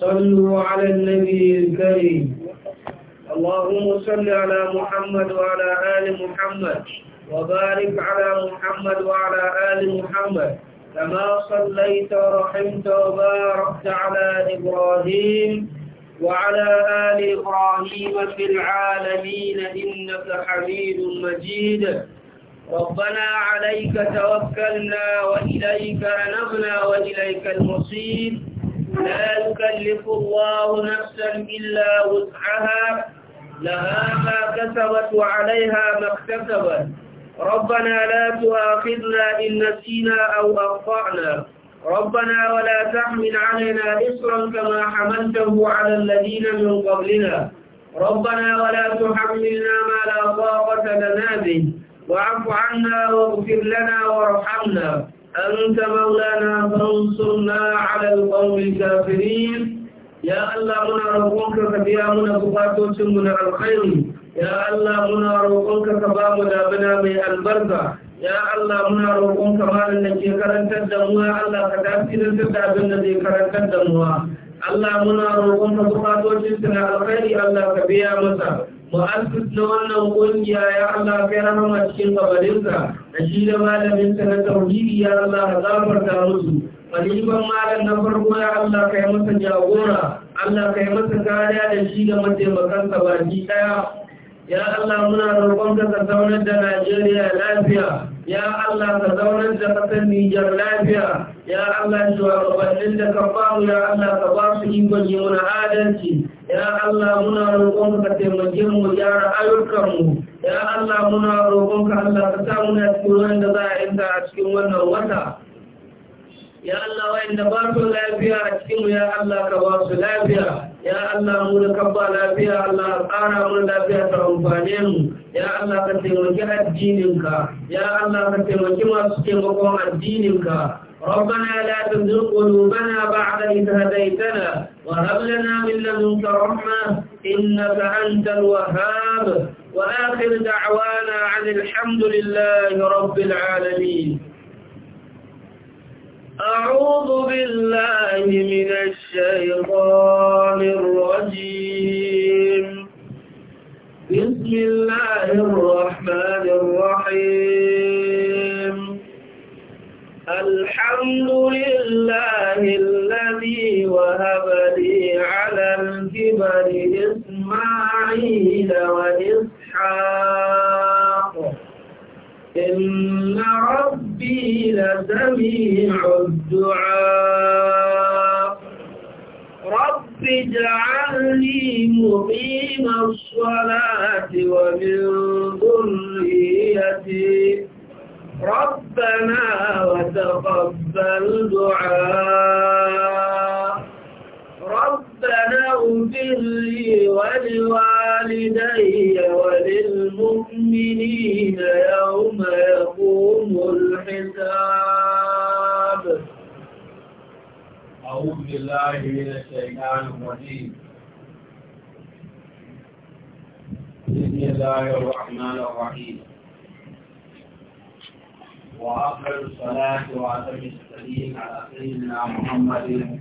صلوا على النبي الكريم اللهم صل على محمد وعلى آل محمد وبارك على محمد وعلى آل محمد كما صليت ورحمت وباركت على إبراهيم وعلى آل إبراهيم في العالمين إنك حميد مجيد ربنا عليك توكلنا وإليك أنبنا وإليك المصير لا يكلف الله نفسا إلا وسعها لها ما كسبت وعليها ما اكتسبت ربنا لا تؤاخذنا إن نسينا أو أخطأنا ربنا ولا تحمل علينا إصرا كما حملته على الذين من قبلنا ربنا ولا تحملنا ما لا طاقة لنا به واعف عنا واغفر لنا وارحمنا أنت مولانا فانصرنا على القوم الكافرين يا الله منا روحك كبيا منا بقاتو سمنا الخير يا الله منا روحك كبام دابنا من البركة يا الله منا روحك مال النجي كرن تدموا الله كتاسين تدابن النجي كرن تدموا الله منا روحك بقاتو سمنا الخير الله كبيا منا mu'assis na wannan ƙungiya ya Allah kai rahama cikin gabaninsa da shi da malaminsa na tauhidi ya Allah zafarta musu Kaliban malam na farko ya Allah kai masa jagora, Allah kai masa kariya da shi da mataimakansa baki daya. Ya Allah muna roƙonka ka zaunar da Najeriya lafiya, ya Allah ka zaunar da ƙasar Nijar lafiya, ya Allah shugabannin da ka bamu ya Allah ka ba su ikon yi adalci, ya Allah muna roƙon ka taimake mu gyara ayyukanmu ya Allah muna roƙon ka Allah ka samu muna cikin wanda za a inda a cikin wannan wata يا الله وإن بارك لا بيا أتكلم يا الله كواس لا بيا يا الله مول كبا لا بيا الله أنا مول لا بيا ترمفانيم يا الله كتير وجه دينك يا الله كتير وجه ما سكين وقوم دينك ربنا لا تزغ قلوبنا بعد إذ هديتنا وهب لنا من لدنك رحمة إنك أنت الوهاب وآخر دعوانا عن الحمد لله رب العالمين من من الصلاة ومن ذريتي ربنا وتقبل دعائي الله الرحمن الرحيم وأفضل الصلاة وأتم التسليم على سيدنا محمد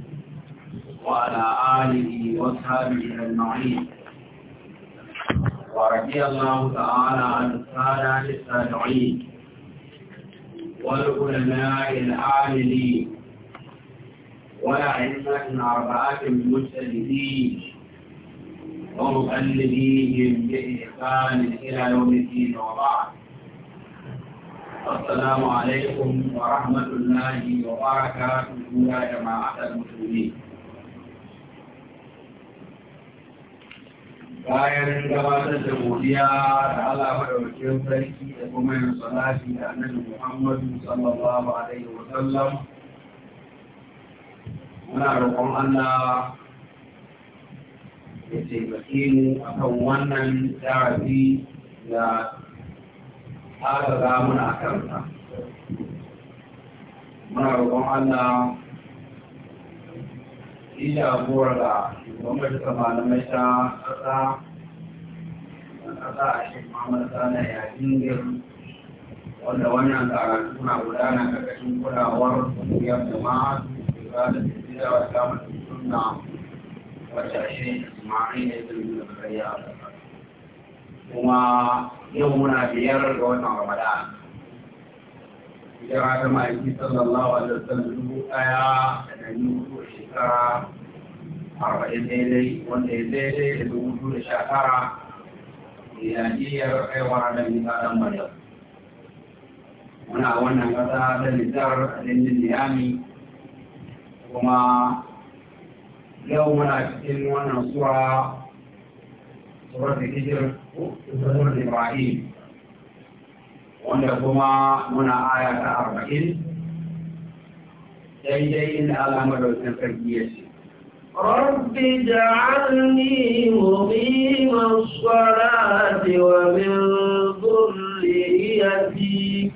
وعلى آله وصحبه أجمعين ورضي الله تعالى عن السادة السادعين والعلماء العاملين والأئمة أربعة المجتهدين ومؤلفيهم بإحسان بإحسان إلى يوم الدين وبعد السلام عليكم ورحمة الله وبركاته يا جماعة المسلمين bayan gabatar da godiya da Allah madaukakin sarki da kuma yin salati da annabi Muhammadu sallallahu alaihi wa sallam muna roƙon Allah ya taimake mu a wannan jarabi da aka ga muna karanta muna roƙon allah yi jagora da gwamnati ta malamai ta ƙasa da ƙasa a shi muhammadu sana ya jingir wanda wannan karatu na gudana ƙarƙashin kulawar kungiyar jama'a da da da da da da da da Kuma yau muna biyar ga يومنا بيار وما رمضان ma'aiki sallallahu alaihi dubu da hudu shekara arba'in daidai wanda ya daidai da dubu da sha tara da nisa Muna wannan ƙasa da Nijar a kuma يوم عبد ونصرى سورة سورة الهجر سورة إبراهيم وعندكما هنا آية أربعين جاي جاي إن ألا مدعو رب اجعلني مقيم الصلاة ومن ذريتي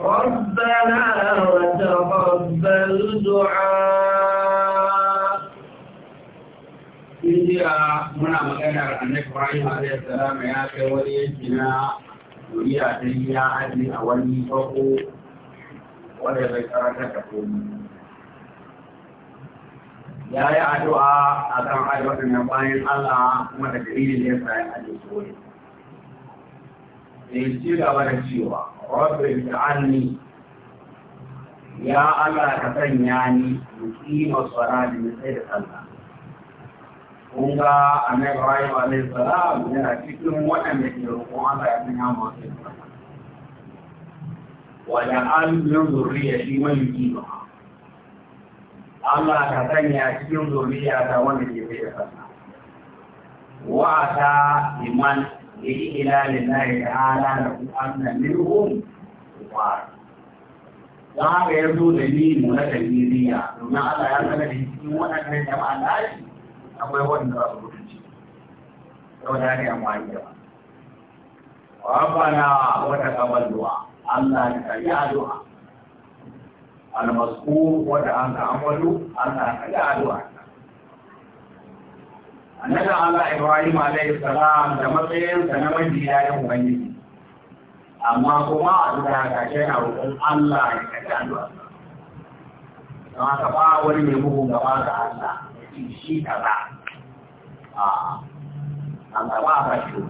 ربنا وتقبل دعائي tun jiya muna maganar annabi Ibrahim alaihi salam ya kai wani yanki na duniya ta yi ya aji a wani farko wanda zai karanta da komi. Ya yi addu'a a kan aji waɗannan bayan Allah kuma da dalilin da ya sa ya aji komi. Sai ci gaba da cewa, Rabbi ta'anni ya Allah ka sanya ni muqima salati min sai da sallah. kun ga annabi Ibrahim alaihi salam yana cikin waɗanda ke roƙon Allah ya sanya masu wajen almin zuriya shi mai yi ba Allah ka sanya cikin zuriya ta wanda ke sai da sallah wa ta iman yi ila lillahi ta'ala da ku anna minhum wa za ka yanzu da ni mu na daliliya domin Allah ya sanar da cikin waɗannan jama'a lafiya akwai wanda za su mutunci yau na ne amma yi yawa wa bana wata kamar duwa allah ne ka yi addu'a almasku wata an ka amalu allah ka yi addu'a annabi allah ibrahim alayhi salam da matsayin sa na mai jiya ya mu amma kuma a duka ka ce na roƙon allah ya ka yi addu'a don haka ba wani ne bugun gaba ga allah shi ta ba a gaba ba shi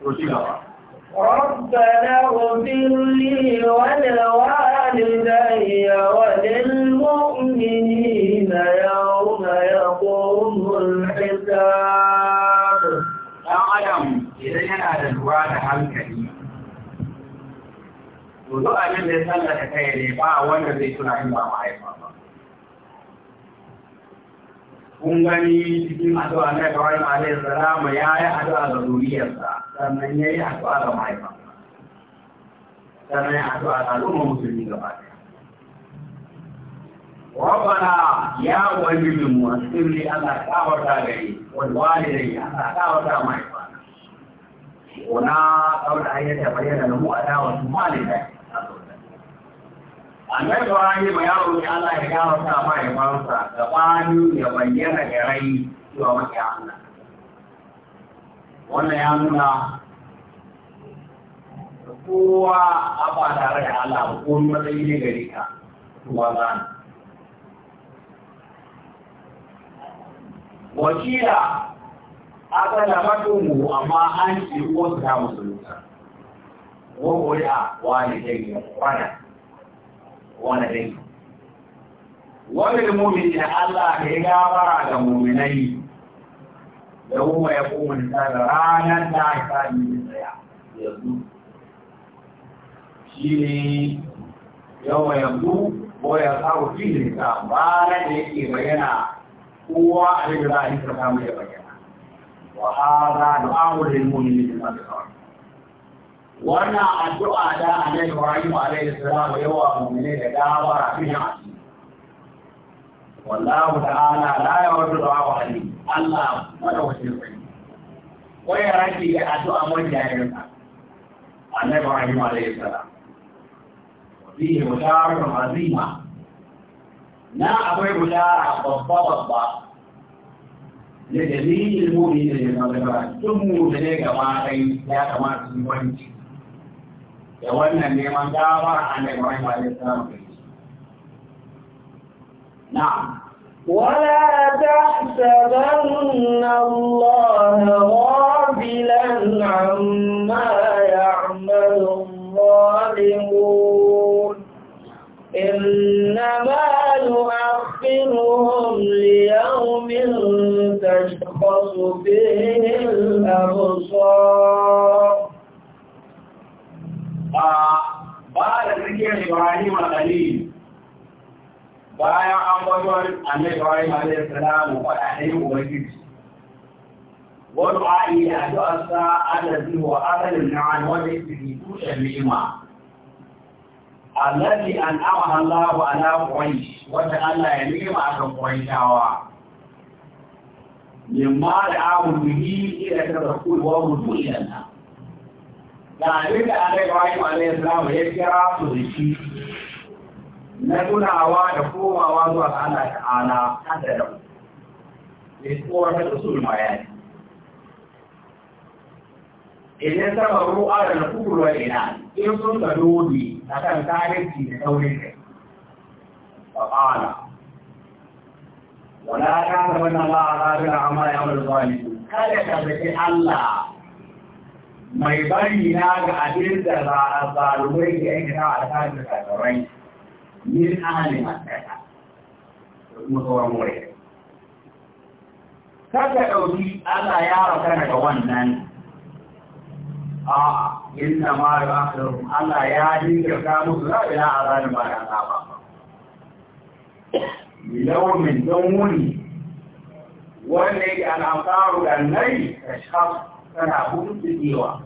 to shi gaba ربنا اغفر لي ولوالدي وللمؤمنين ya يقوم الحساب ɗan adam idan yana da lura da hankali to abin da ya sallata kai ne ba wanda zai tuna in ba mahaifa kun gani cikin addu'a na Ibrahim alaihi salam ya yi addu'a ga zuriyarsa sannan ya yi addu'a ga mahaifansa sannan ya addu'a ga al'umma musulmi gaba ɗaya rabbana ya ubangiji mu asirri Allah kawarta wani wal walidai Allah kawarta mahaifana wana kawar da ayyata bayyana na mu adawa su malidai annabi Ibrahim yaro roƙi Allah ya gafarta mai mansa gabanin ya bayyana da rai cewa maka Allah wannan ya nuna kowa a ba tare da Allah ba ko matsayi ne gare ka tuwa zan wakila aka da matumu amma an ce wasu ta musulunta ko kuri'a wani jami'a kwanan wani dai wani mumini Allah ya gabara ga muminai da kuma ya kuma da ranar da ta yi tsaya yanzu shi ne yawa yanzu ko ya tsaro ta ba na da yake bayyana kowa a yi da za a yi ta samu ya bayyana wa hada da amurin mumini da masu kawai wannan addu'a da annabi Ibrahim alaihi salam yawa mu'mini da gabara fi shi wallahu ta'ala la yawaddu du'a wa ali Allah wala wajin sai wai raki da addu'a mun da yin annabi Ibrahim alaihi salam fihi musharakun azima na akwai musharaka babba babba da dalilin mu'mini da ya zama da tun mu da ne gaba ɗaya ya kamata su yi wanci da wannan neman gawar annabi Ibrahim alaihi salam na'am ولا تحسبن الله غافلا عما يعمل الظالمون إنما نؤخرهم ليوم تشخص فيه الأبصار بعد ذكر إبراهيم الخليل bayan an bazuwar annabi Ibrahim alaihi salam wa alayhi ubangiji wa du'a'i da addu'arsa allazi huwa asalin na'an wanda yake bi tushen ni'ima allazi an'ama Allahu ala quraish wanda Allah ya ni'ima akan quraishawa mimma da'awu bihi ila tadakkul wa ruju'il lana da abin da an raiwa yi wa Islam ya kira su ziki na tunawa da komawa zuwa ga Allah ta'ala hada da ya tsora ta usul bayani idan sama ruwa da nufuru wa ina in sun ka dodi a kan tarihi da saurin kai فقال ولا تعلمن الله غافل amma يعمل الظالمون kada ka zaki Allah mai bari na ga abin da za a zalumai da yanke na a tsarin kasarai yin ahalin matsaya musawar more kada ɗauki Allah ya raka daga wannan a inna ma da akhirum Allah ya jinkirta musu za ila azalin ba da ba yawmin don wuni wanda yake al'amfaru da nai da shafi tana hukuncewa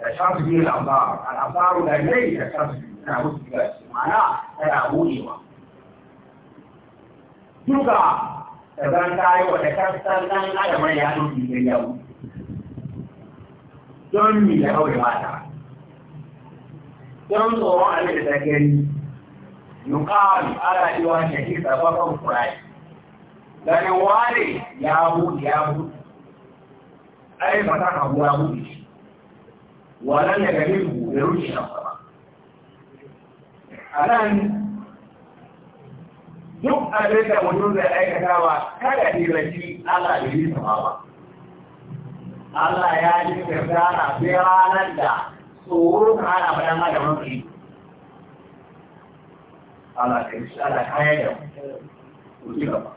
da shan biyu al'abaru al'abaru da rai da shan biyu tana hukuncewa mana tana hudewa duka da zan kayi wa da kasar ɗan adamar ya nufi da yau don mi da kawai mata don tsoron abin da ta gani yukari ana cewa shahid da bakon kurai ganin ware ya hudu ya hudu أي فتح أبواب ولن يجلبه برشد الآن duk abin da mutum zai aikatawa kada hirarci Allah da yi ba. Allah ya yi kirkara sai ranar da tsoro ka hana faɗan adamin su yi. Allah ka yi shi Allah kayan da ku ci gaba.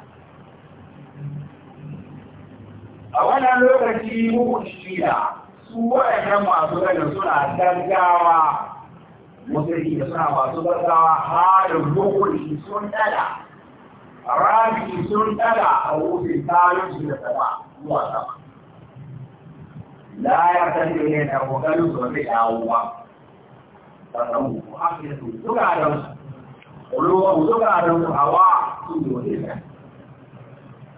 a wannan lokaci muku shiya su waɗannan masu ganin suna gaggawa musulmi da suna masu gaggawa halin lokaci sun dada rabi sun dada a wucin tarin su da sama zuwa sama la ya san da ne da kokarin su zai dawo ba sannan ku haƙƙin su zuga don su ruwa zuga don su hawa su yi wani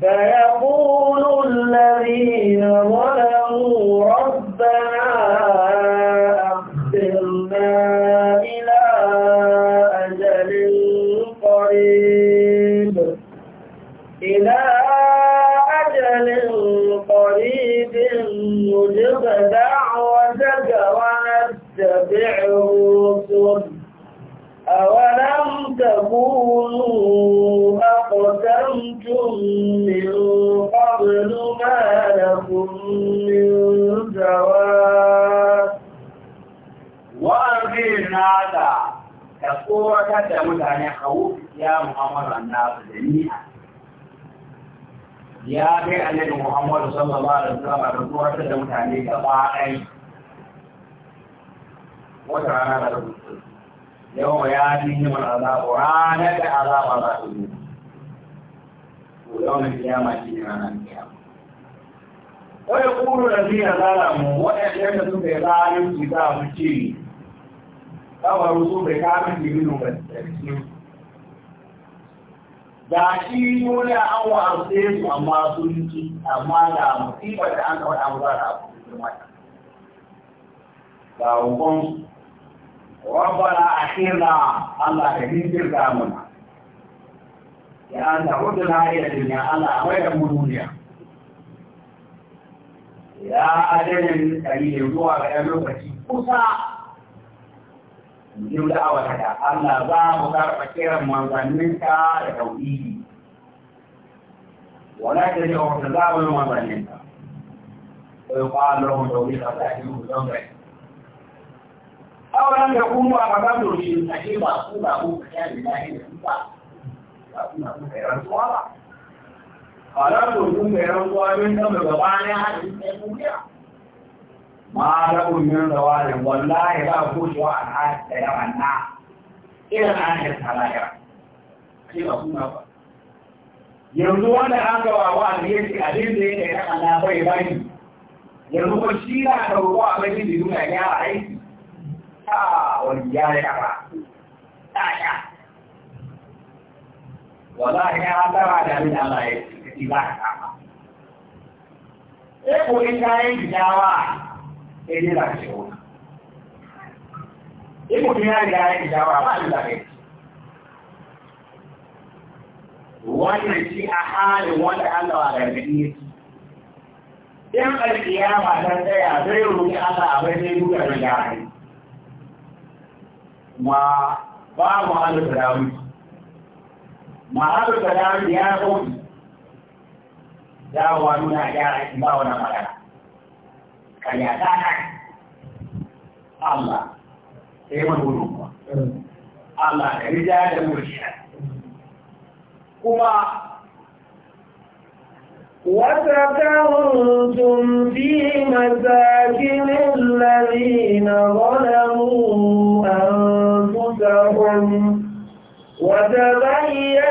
فيقول الذين ظلموا ربنا أخبرنا إلى أجل قريب إلى أجل قريب نجب دعوتك ونتبع الرسل أولم تكونوا أقسمتم من قبل ما لكم من زواج وأمرين هذا تقوة تمتعني خوف يا محمد الناس جميعا ya kai annabi Muhammadu sallallahu alaihi wasallam da tsoratar da mutane gaba ɗaya wata rana da rubutu yau ya ni himar azabu ranar da azaba za su zo to yau na kiyama shi ne ranar kiyama wani kuru da zai ya zara mu da suka yi su za mu ọ kawaru su bai da shi dole an wa'arce su amma sun ci amma da musibar da an kawai an a cikin mata ga ربنا أخيرنا الله كريم تردامنا لأن ردنا الهاية الدنيا الله غير مدونيا يا أجل كريم دعا بأمرك كسا يجب دعوة كذا الله ذا مكار فكير من منك لتوئيه ولكن تجعل تزاول من ظننك ويقال لهم توحيد الله يجب auren da kuma ba za mu rushe a ce ba ku ba ku ka yi lahi da ba ba ku na ku kai rantsuwa ba kala to kun kai rantsuwa don kan da gaba ne har da sai ku kira ma da kun min zawalin wallahi ba ku shi wa al'ada da yawan na irin an yi salaya ce ba ku na ba yanzu wanda an gaba wa alheri abin da ya kai na bai bani yanzu ko shi na ɗauko a bai da duniya ya aiki آه والرجال كفى آية والله يا ترى من الله اتباع Eko ita yin jawa ɗaya da ke wuna. Eko ina da yin jawa ba da ke. Wannan shi a halin wanda Allah da gani Yan alƙiyama don tsaya zai roƙi Allah a bai zai duka da jami'ai. ma ba mu halu tarawi ma halu tarawi ya kauce wa nuna gyara shi ba wani magana kariya ta kai Allah sai mun gudu kuwa Allah ka rija da murshida kuma وسكنتم في مساكن الذين ظلموا أن لهم وتبين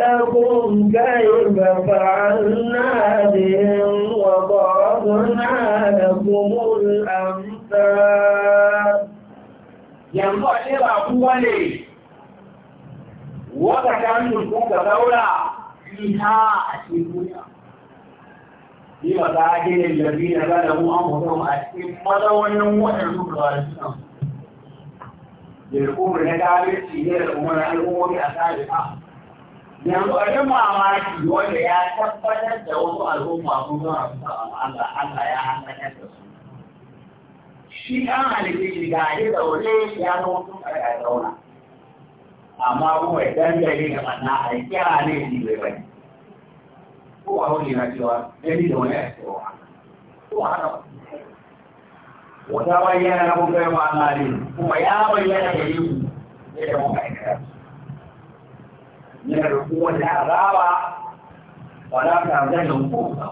لهم كيف فعلنا بهم وضربنا لكم الأمثال ينفع شبع قولي وتكن الكوكا دولة فيها أشيبويا لما تعجل الذين بلغوا أمرهم أشيب ماذا وين وين وين na يقول ندارك إلى al'ummomi الأمم السابقة yanzu a yi mamaki wanda ya tabbatar da wasu al'umma sun zama su Allah Allah ya hannatar da su shi an halitta shi ga yi zaune ya zo sun karka zauna amma kuma idan da ne da manna a yi kira ne shi bai bai ko a wani na cewa ɗari da wani a cewa ko haka wata bayyana na kuka yi ma'ana ne kuma ya bayyana da yi yadda muka aikata yana da kuma da azaba ba za ta zai da hukumta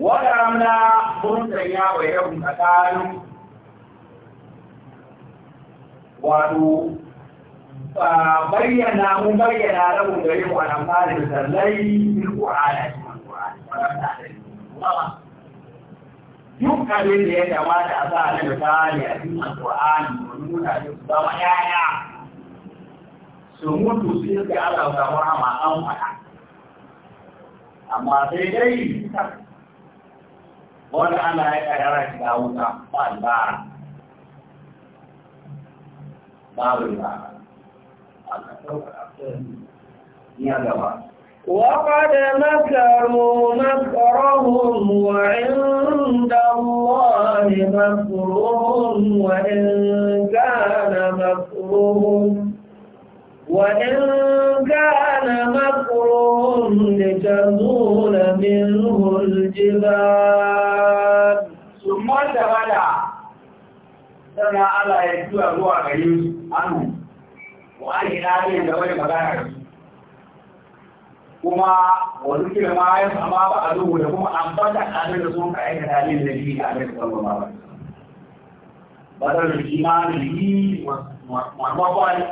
wata ramna mun sanya bayyana tsakanin wato bayyana mun bayyana rabin gare mu a nan fara da sallai bil qur'ani bil qur'ani duk abin da ya kamata a sa na misali a cikin alƙur'ani domin mutane su zama yaya su mutu su yi ga Allah su samu rama an faɗa amma sai dai wanda ana ya ƙarara shiga wuta ba albara babu albara Allah ɗaukar ya gaba وقد مكروا مكرهم وعند الله مكرهم وإن كان مكرهم وإن كان مكرهم لتزول منه الجبال ثم تبدا سمع الله يسوع روح يوسف عنه وأن إلهي لو يبغى kuma wani kira ma ya sama ba a duhu da kuma an bata kanin da sun ka aikata halin da shi a mai sallallahu alaihi بدل الإيمان به ومضل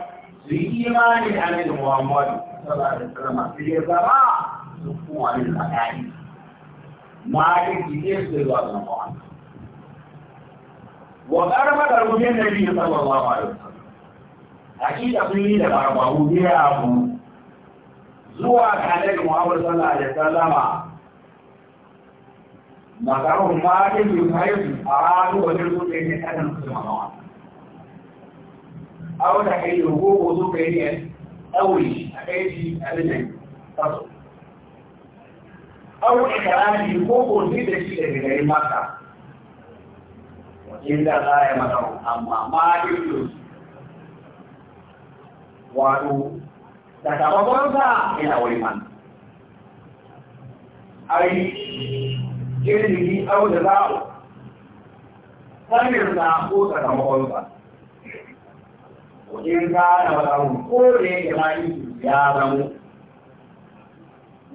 لإيمان الأمير محمد صلى الله عليه وسلم في الزراعة سكون المكان ما يجيز لله وقرب قرب النبي صلى الله عليه وسلم أكيد أقول لك أربعة أبو zuwa kane ga annabi sallallahu alaihi wasallama magarun ma ke yi haihu a ranu wani su ɗaya ne nan su mamawa a wata kai yi gogo su kai ne ɗauri a kai shi a rikin kaso au ikrami ko ko ne da shi da gari maka da za a yi mata amma ma ke yi wato sakamakonsa yana wurin Allah ai ilimi abu da za'u sanin na ko sakamakonsa wajen gane wadamu ko da yake mani ya zamo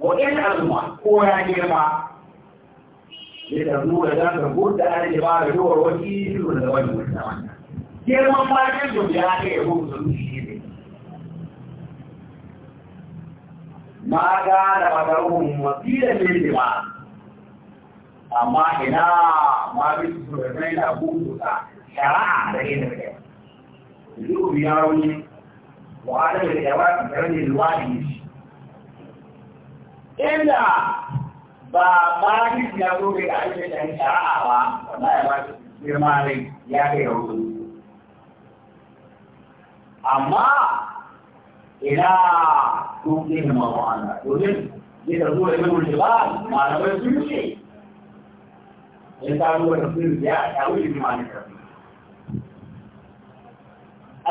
wajen al'umma ko ya girma ya tarnu da zan karbu da an ba da yawar wani ilu da wani wani girman matan da ya ke yi hukusun shi ma gane magarhun wasilan ne ba amma ina ma bi su da mai da hukunta shari'a da ke da kai duk biya wani wa'adar da yawa da karni da shi inda ba ma bi ya zo ga aikin da shari'a ba ya ba girma ne ya kai rauni amma إلى توقيهم مطعنا يقول يتردوا إمام الجبال ما لم يسمي شيء إن قالوا الرسول الزياء يعود بما نترفيه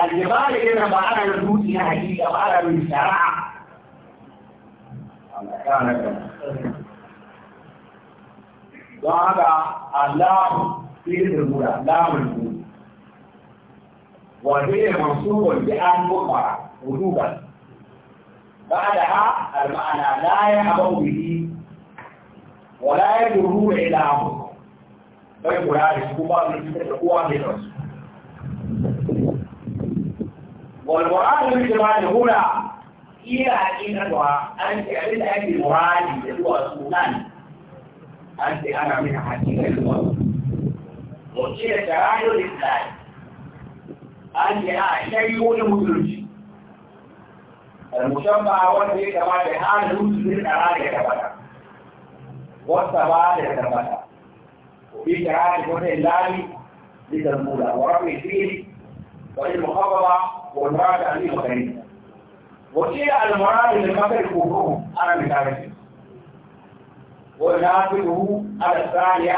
الجبال إذا بعد الرسول إلى حقيقة بعد من الشرع وهذا اللام في الرسول لام الرسول وهي منصوب بأن مخبرة وجوبا بعدها المعنى لا يعبأ به ولا يجره إلى عمره بل يعرف كوبا من القوى بالرسول والمراد بالجمال هنا إلى حقيقتها أن تعمل أي مراد هو سنان أنت أنا من حقيقة الوصف وكيل تراجل الإسلام أنت أشيء مسلم المشمع وانده كما بحال يوزن الأراضي يتبقى والسبعة يتبقى وفي كرات كون اللالي لتنمولة ورفع الدين وإن المخبرة والمراد عليه وكريم وشيء المراد للمثل كفرهم أنا متابعه ونافله على الثانية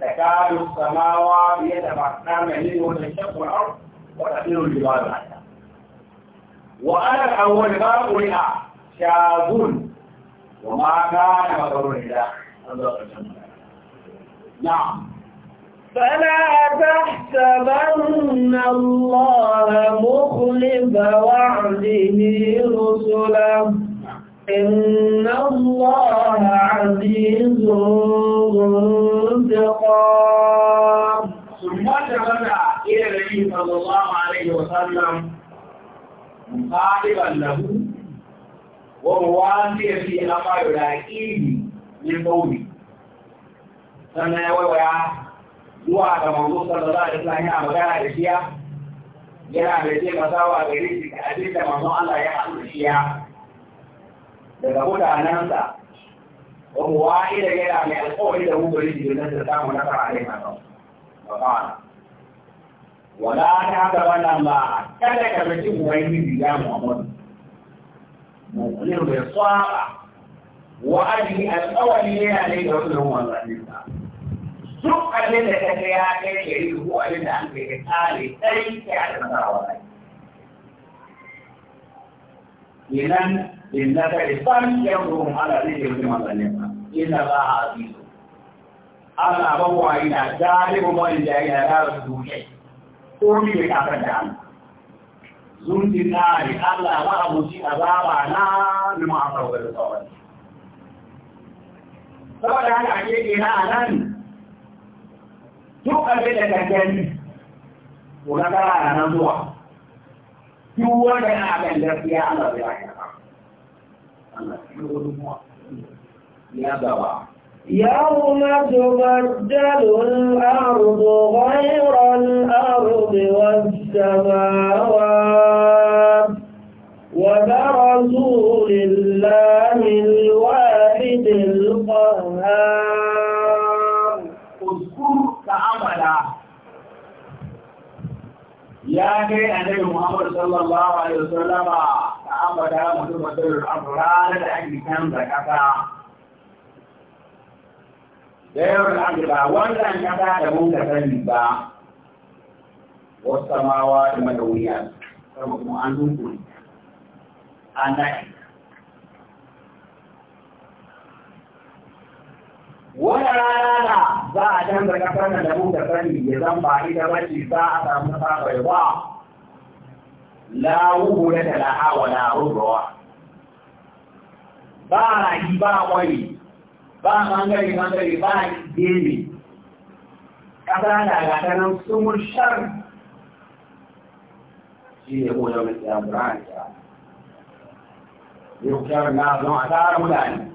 تكاد السماوات يتفطرن منه وتنشق الأرض وتطير الجبال عليه وأنا الأول ما قرئ وما كان مقرون الله نعم فلا تحسبن الله مخلف وعده رسله إن الله عزيز ذو انتقام ثم تبدا إلى النبي صلى الله عليه وسلم خالقا له ومواسيا في أما يلاقيه من قومه sannan ya waiwaya zuwa ga manzo sallallahu alaihi wasallam yana magana da shiya yana da ce masa wa gare shi ga abin da manzo Allah ya haɗu shiya daga mutanensa wa muwa'ida yana mai alƙawari da mu gare shi don ta samu nasara a yin hakan wala ta gaba nan ba kada ka bi cin ubangiji ya muhammadu mukulir bai saba wa'adi alƙawari ne yana ne ga wasu ruwan zanninsa duk abin da ta ya kai ya yi ko abin da an kai ka tsare sai ka yi da masarawa kai idan in na ta isan yan ruwan ala ne ke wasu mazanninsa ina ba a azizu Allah ba wa ina galibu wani da ina da su duniya ko ne ya kafar da Allah zunti nari Allah ba abuci azaba na bi ma aka wani tsawon saboda haka ake kira a nan duk abin da kankani ko na kara na nan zuwa duk wanda yana kan gaskiya Allah bai haka Allah ya gaba يوم تبدل الأرض غير الأرض والسماوات وبرزوا لله الواحد القهار اذكر كعملا يا كي النبي محمد صلى الله عليه وسلم كعملا متبدل الأرض لا لأجل كم ذكرتها da yawan abu ba wannan kasa da mun ka sani ba wasu samawa da madauriya sama kuma an dunkuri a nashi wani rana na za a canza kasar nan da mun ka sani ya zan ba ita bace za a samu kasa bai ba la da talaha wa la rubawa ba rayu ba kwari ba mangare mangare ba gebe kasa da gata nan sumul shar shi ne ko da mai tsaya burhan ta yau shar na zon a tsara mutane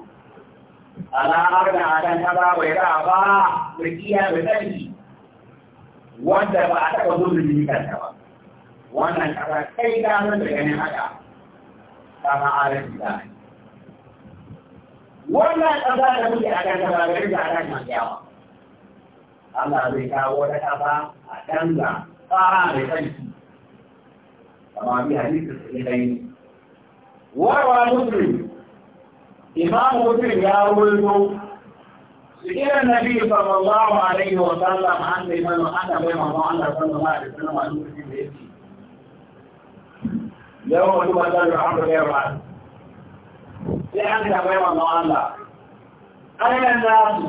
alamar da adan ta ba bai ra ba rikiya da tsanci wanda ba a taɓa zulumi kanta ba wannan kasa kai damar da ganin haka ta ma'arar da ne wannan ƙasa da muke a kan ba gari da akan masu yawa Allah zai kawo wata ƙasa a canza tsara mai sarki kama bi hadisi su ɗaya warwa muslim imam muslim ya wulto سئل النبي صلى الله عليه وسلم عن من أتى بما قال صلى الله عليه وسلم عن مسلم لو أتوا ذلك عمرو بن sai an tambayi manzon Allah ƙananan nasu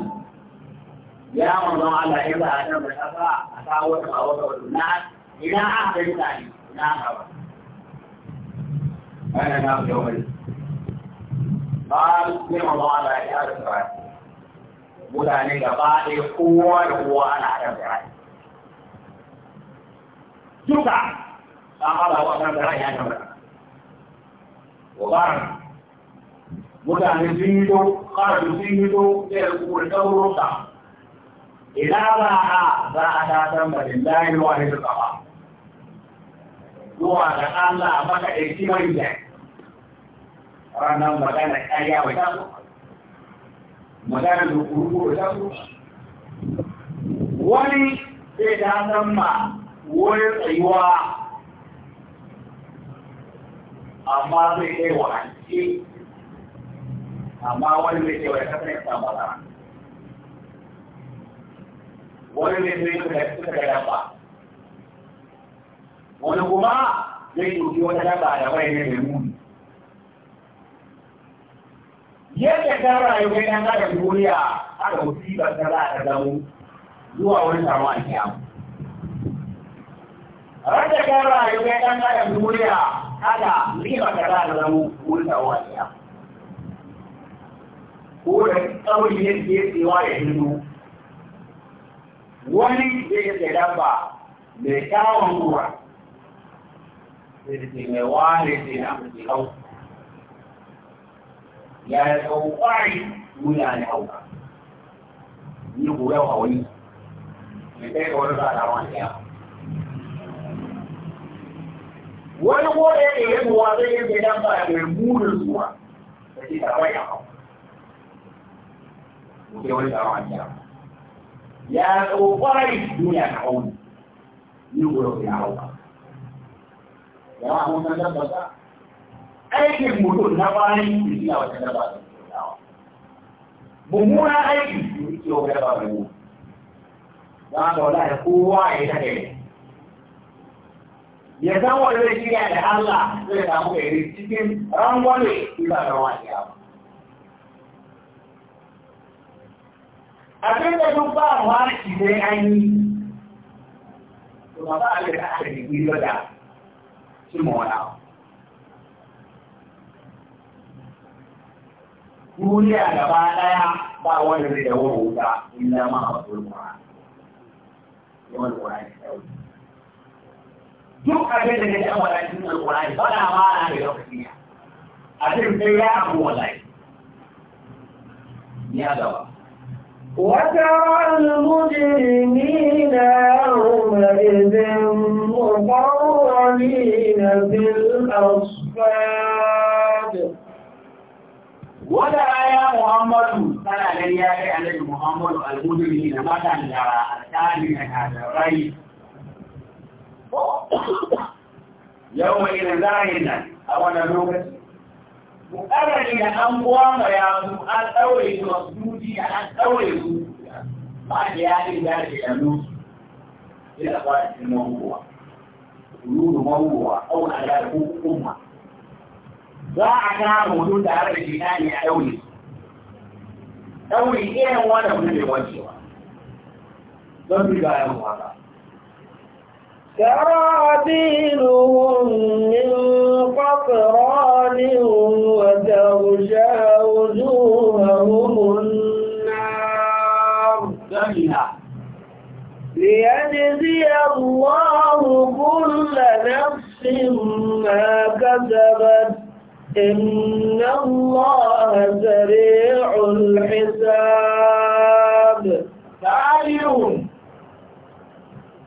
ya manzon Allah ya za a can da ƙasa a kawo wata a wata wata na ina an kai tsari na aka ba ƙananan nasu yau mai ba sai manzon Allah ya da tsari mutane gaba ɗaya kowa da kowa ana kan tsari duka ta haɗa wa kan tsari ya kan tsari mutane sun yi hito ƙarfi sun yi hito zai da kuma ɗauro sa ina ba a za a tatar matin layin wa ne suka ba zuwa ga Allah maka ɗauki mai da ranar magana ƙarya mai taso magana da kurkuru da taso wani zai tatar ma wurin tsayuwa amma zai kai wa hanci amma wani mai cewa ya kasance ya samu ba wani mai zai suka ya suka dabba wani kuma zai ɗauki wata dabba da wani ne mai muni yadda ta rayu kai ɗan adam duniya haka ba ta za ta zamo zuwa wani samu a ya Rada rayuwa rayu kai ɗan adam duniya haka riba ta za ta zamo wani samu ko da tsawon yadda ya tsewa ya hindu wani zai da dabba mai kyawun ruwa sai da ke mai wani sai na kuke hau ya yi tsawon kwari wuya ne hau ni gobe wa wani mai kai ga wani za a dawa ne ya wani ko da ya ke yi ruwa zai yi da dabba mai munin ruwa da ke da wani hau da wani tsaro a biya ya tsofarai duniya ta auni ni gura ya hauka yawa mun san dabbata aikin mutum na bayan kuriya wata dabba da kuriyawa mummuna aiki kuriya wata dabba mai mu don haka wala ya kowa ya ta gare ya san wanda zai shirya da Allah zai samu gari cikin rangwame ila da wani abu abin da duk ba wa shi dai an yi to ba ba da aka yi biyo da shi mawana duniya gaba daya ba wanda zai da wani wuta illa ma a kulkura yawan kura ne duk abin da ke da wani cikin alkura ne ba da ma na da lokaci abin sai ya abu wallahi ya gaba وترى المجرمين يومئذ مقرنين في الأصفاد ولا يا محمد قال لن يا النبي محمد المجرمين ما كان يرى الثاني هذا الرئيس يومئذ لا ينال أولا لوكس mukarari da an gwama ya su an ɗaure su a duniya an ɗaure su ba da ya ne da ke da nusu ya da ba cikin mangowa ruru mangowa auna da hukumma za a ga mutum da har da gina ne a ɗaure ɗaure irin wanda mutum bai wancewa don bi bayan waka سرابيلهم من قطران وتغشى وجوههم النار ليجزي الله كل نفس ما كسبت إن الله سريع الحساب تعالوا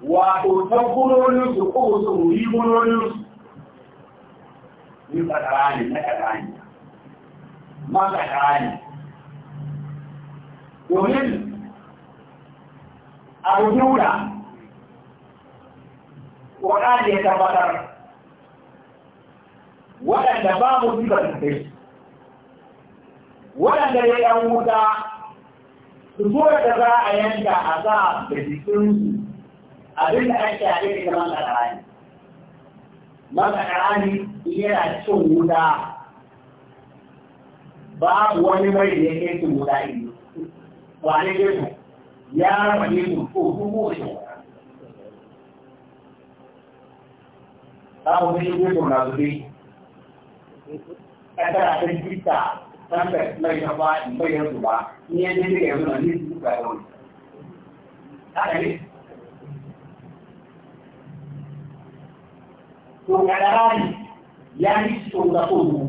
wato tabbulolinsu ko su ribulolinsu ni tsakara ne na tsakara ne ma tsakara ne domin abu jura waɗanda ya tabbatar waɗanda ba mu zibar kai waɗanda ya yi yan wuta su zo da za a yanka a za da jikinsu abin da ake haɗe da man kakarani man kakarani yana cin wuta babu wani mai da ya kai cin wuta ido ba ne ke su ya raba ne su ko dubu da Babu wani ke su na zube ƙasar a kan jita san da mai shafa mai yanzu ba ni yanzu ne yanzu na ne su ka yawon. Haka ne? وكالعالي يعني تقول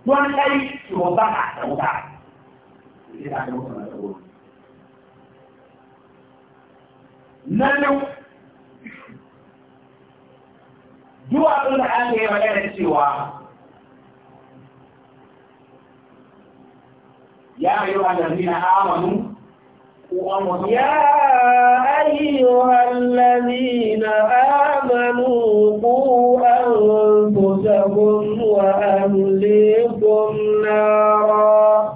tuan kai cuma bakat tahu tak? Kita ada masalah tahu. Lalu dua orang yang ada siwa. Ya ayuhan alladzina amanu يا أيها الذين آمنوا قوا أنفسكم وأهليكم نارا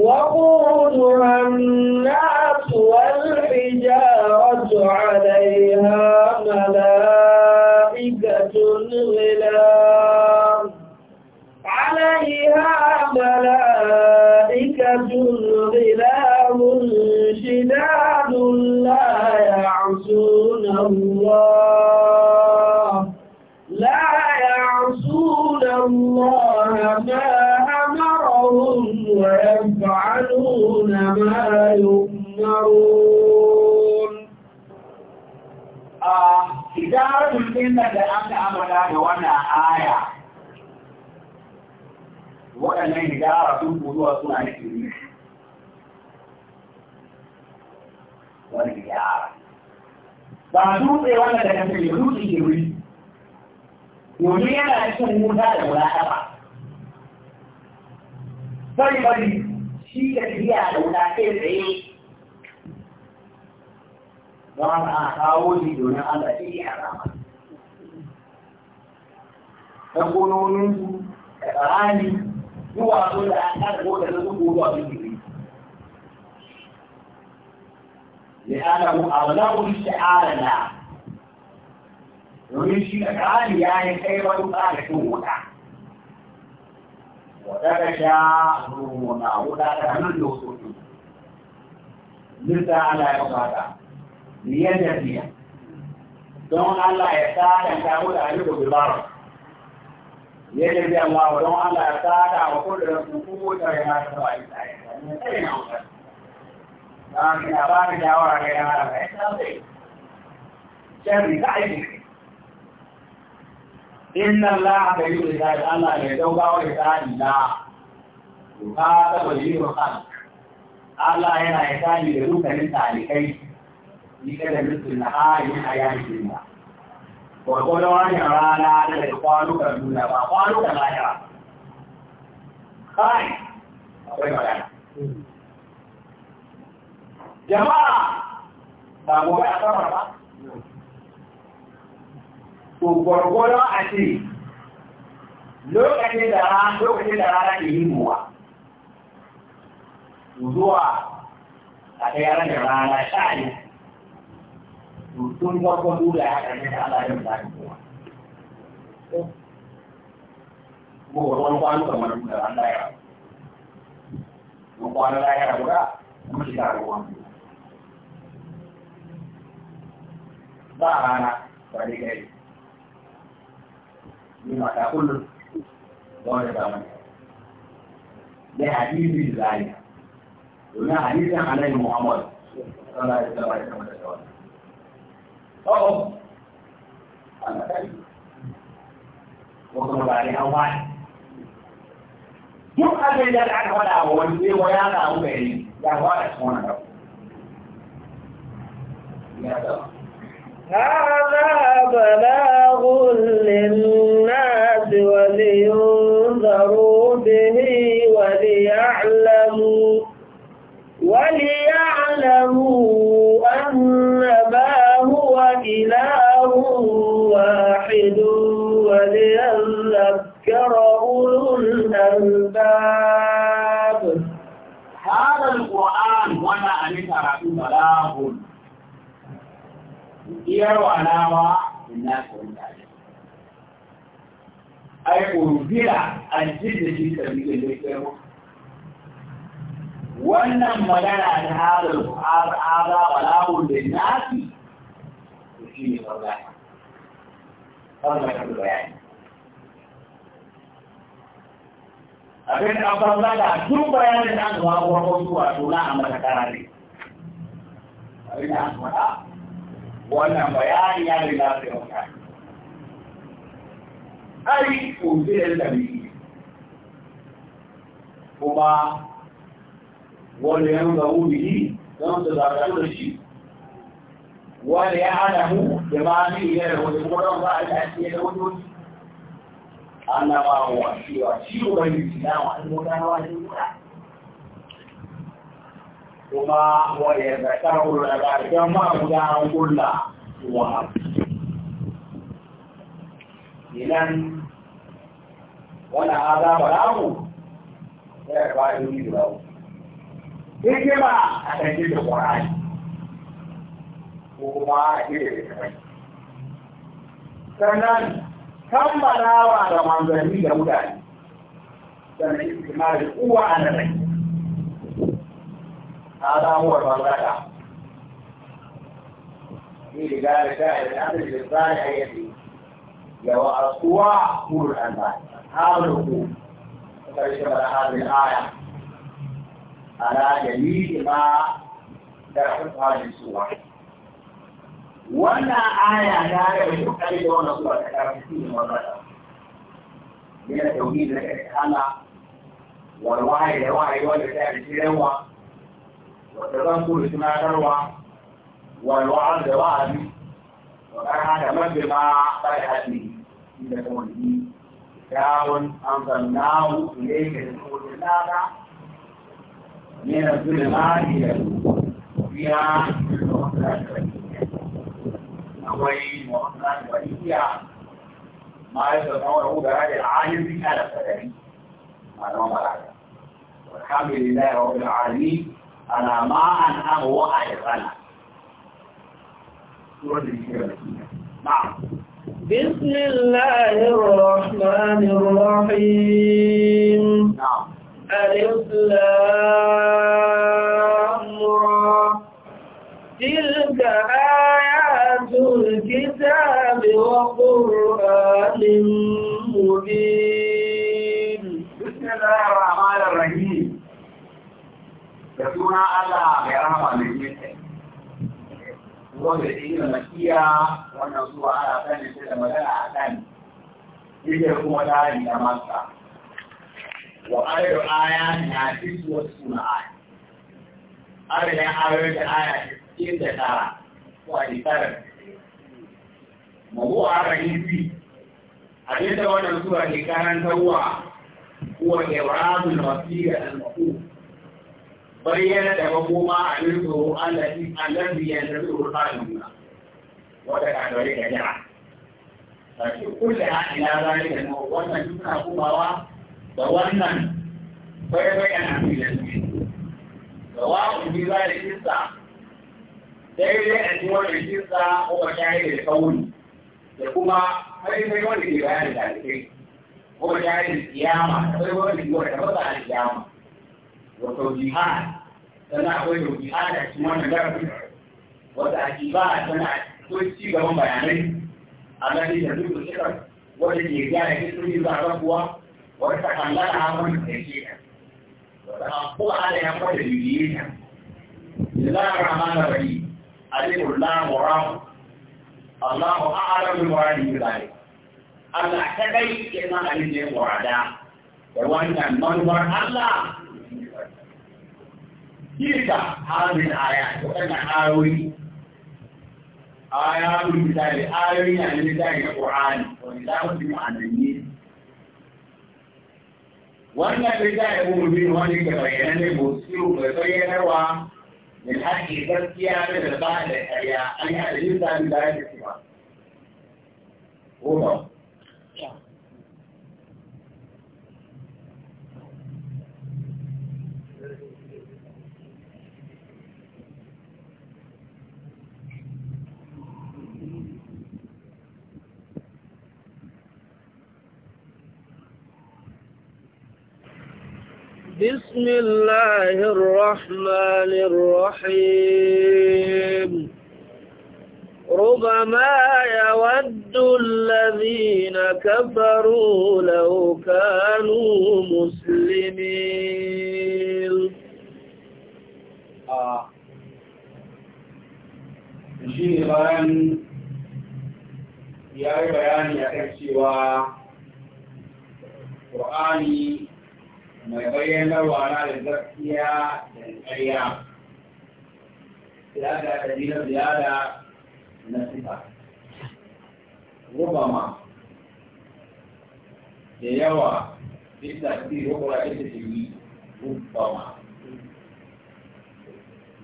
وقودها الناس والحجارة عليها ملائكة غلاظ عليها ملائكة غلاظ شداد لا يعصون الله لا يعصون الله ما أمرهم ويفعلون ما يؤمرون إدارة الجنة لأن أمرها وأنا آية وأنا إدارة تنبضها سنة wani da ya ara ba dutse wanda daga cikin dutse ke wuri domin yana cikin wuta da guda ɗaba bari bari shi ka tafiya da wuta kai tsaye don haka a kawo shi domin Allah shi ya rama ta gononin su da tsarani zuwa so da an kada ko da su ko zuwa su لأنه أغلب استعارة لا ومن شيء قال يعني خير قال شو ودرجة هنا ولا تعمل له سجود لسا على عبادة ليجد فيها دون الله يساعد أن تعود عليه بالبر يجب الله دون الله يساعد وكل رسول قوة رهاته وإساعده من أين أوصل ina ba ka shawara ga yana da kai sharri ta aiki Allah Allah Allah yana ya da dukkanin talikai ni kada mutum na ayi a yayin da wa da wani rana da kwanukan duniya ba kwanukan lahira kai akwai magana jama'a ba gobe a sama ba to gwargwaron a ce lokacin da rana lokacin da rana ke himowa zuwa a kai ranar rana sha ne to tun farkon dole ya ƙarfi da Allah ya mutane kowa. Ko gwargwaron kwanu kamar da Allah ya rabu. Mun kwanu da ya rabu da mun shiga ruwan. ba rana ba dai gari ni ma ta kullum da wani ba wani da hadisi da zai domin hadisin annabi Muhammad sallallahu alaihi wasallam ya kamata da wannan oh ana kai ko kuma ba ni hawa duk abin da aka faɗa wa wani ne wa ya samu gari ya fara cikin wannan ya zama هذا بلاغ للناس ولينذروا به وليعلموا وليعلموا أنما هو إله واحد وليذكر الألباب هذا القرآن ولا أن ترى بلاغ يرواناوا الناس والمتعلم أي أنزل الجد في سبيل الذكر wannan magana ta hada hada balawun da nasi da shi ne sauraya saboda kan bayani abin da an banza da duk bayanin da an gaba kuma wasu wato na a matakara ne abin da an faɗa wannan bayani ya riga da mutane ai kunzilin da ne kuma wanda ya nuna wuri don su zaɓar da shi wanda ya hada mu da ba ne ya da wani kuma don ba a da ake da wani wani an na ba wa shi wa shi wa yi na wa an nuna wa ne wura وما ويذكره العباد كما أبداهم كلا وهب إذن ولا هذا بلاه يعباد يريد له hikima a ɗanke da ƙwarari ko kuma a ɗanke da ƙwarari sannan kammalawa da manzanni da mutane sannan istimari uwa a nan هذا هو المملكة في لذلك الأمر للصالح يدي جواء الصواع قول الأنبال هذا الوقوف وقد شمل هذه الآية على جميع ما تحفظها للصواع wannan aya ta rage dukkanin da wannan sura ta karfi shi ne wannan yana tauhidi da kana walwaye da wahayi wanda ta yi shirwa da zan so da tunatarwa walwa da wa'azi wa kana da mabima bai hadi inda ta wani kyawun an zannahu ilayka da kodin lada ne na zulmani da biya akwai mu'amalar wariya ma ya zama wani hudara da ayyukan da sadari ma zama balaga والحمد لله رب العالمين على ما أنعم أيضا نعم بسم الله الرحمن الرحيم نعم تلك آيات الكتاب وقرآن مبين بسم الله الرحمن الرحيم da suna Allah mai rahama mai jinkai wanda da yi makiya wannan zuwa ana sanin da magana a kan yake kuma tari da masa wa ayyu aya na tisu wasu suna aya arzikin ayoyin da aya cikin da tara wa tara mabu a rahisi abinda wannan sura ke karantarwa ko ibrahim wasiyya al-maqul بيّنت مقوما عمله الذي الذي ينتظر القادم وتكاد ذلك جرعا كلها إلى ذلك الموضوع جملة قوة دوانا فيبين في الجميل سواء في ذلك القصة daidai a cikin wannan kisa ko ba ta yi da kawun da kuma kai sai wanda ke bayani da alƙai ko ba ta yi da kiyama kai wanda ke wanda ba ta da kiyama وتوجيهات tana akwai rubuta da cikin wannan darasi wata akiba tana akwai ci gaban bayanai a gani da duk da shekar wanda ke gyara history za a kuwa wata kallara a wani da ke wata ko ala ya kwada mediation lillahi rahman rahim alimullah wa rabb Allahu a'lamu bi muradihi bi dhalik Allah ta kai yana alim ne murada da wannan manufar Allah تلك هذه الآيات وأن آوي آيات المثال آوي يعني مثال القرآن ومثال المعلمين وأن الرسالة مبين وأن تبين المسلم تبينوا للحق تزكية من البعض الحياة أن هذا الإنسان لا يكفي هو بسم الله الرحمن الرحيم ربما يود الذين كفروا لو كانوا مسلمين جيران آه. يا بيان يا قرآني mai bayyanarwa na da gaskiya da ƙarya ziyada da dina ziyada na sifa rubama da yawa duk da su yi rubama ita ce yi rubama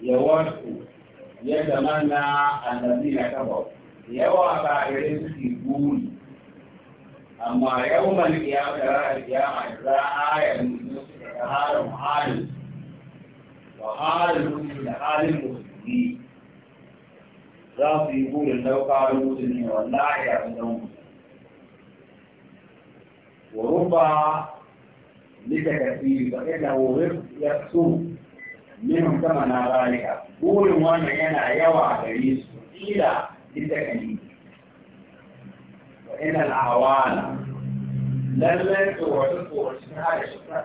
yawansu ya zama na annabi na kaba yawa ba irin su buri amma yawon malkiya da ra'ayi ya ma'aza ayar mutum حال حال وحال المسلم حال المسلمين za su yi burin dauka rubutun ne wallahi a cikin وربما لتكثير فإنه يكسب منهم ثمن ذلك قول وانا ينا يوى بريس إلى للتكليف وإن الأعوان لن تورث ورثها لشكرا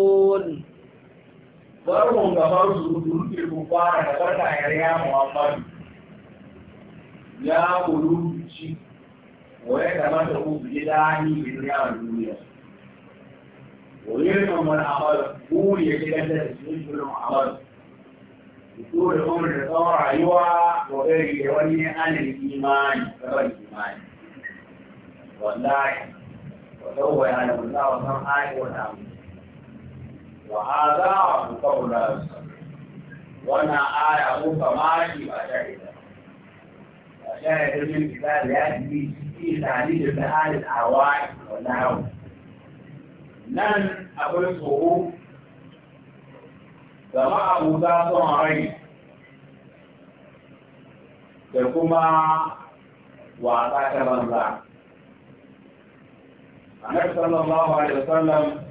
barkun ka bar su duke ku fara da barka ya Muhammad ya kuluci wa ya kamata ku ji dani da ya duniya wa yirma man amal ku ya gidan da su shi amal ku da umar da tsawon rayuwa ko irin da wani anin imani tsawon imani wallahi wa tawwa ya alamu Allah wa san ayi wa ta'ala وهذا عبد قول وانا آية موسى ماشي أشاهد أشاهد من كتاب يأتي في تعليل الآل الأهواء والنحو لن أقول صعوب zama abuta son rai da kuma wasa ta banza. Annabi sallallahu alaihi wasallam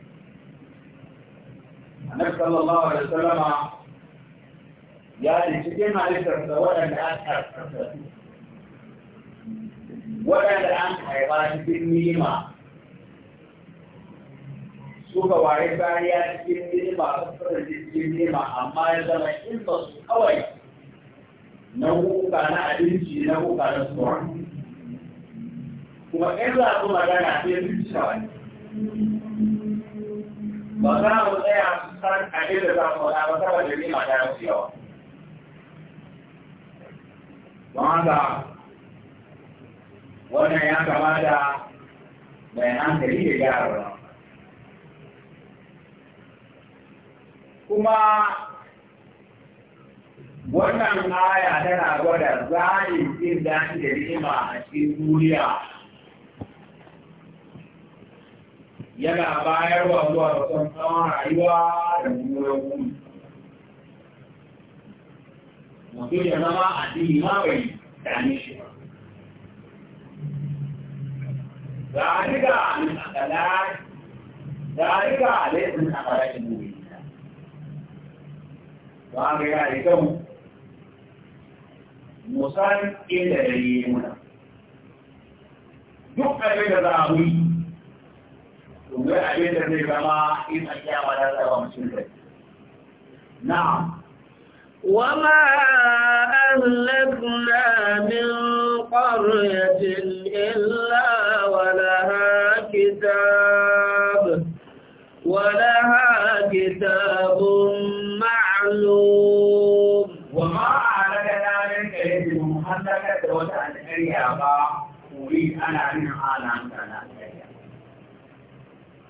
annabi sallallahu alaihi wasallama ya ce cikin halittar da waɗanda an karkata waɗanda an haifa cikin nima suka waye kariya cikin nima sun fara cikin nima amma ya zama in ba su kawai na hukuka na abinci na hukuka na tsoron kuma in za su magana sai su ci wani ba za mu tsaya san abin da za mu faɗa ba saboda ni ma ta yi yawa don haka wannan ya kamata mai hankali da gyara kuma wannan aya tana gwada zalim jin daɗi da ni'ima a cikin duniya yana bayarwa zuwa da son tsawon rayuwa da kuma kuma mutum ya zama addini ma bai dame shi ba ذلك من أخلاق ذلك عليه من أخلاق المؤمنين وعن ذلكم مسلم إلى اليمنى duk abin da za a yi نعم. وما أهلكنا من قرية إلا ولها كتاب ولها كتاب معلوم وما أهلكنا من قرية محدثة وتعالى أريها أريد أنا منها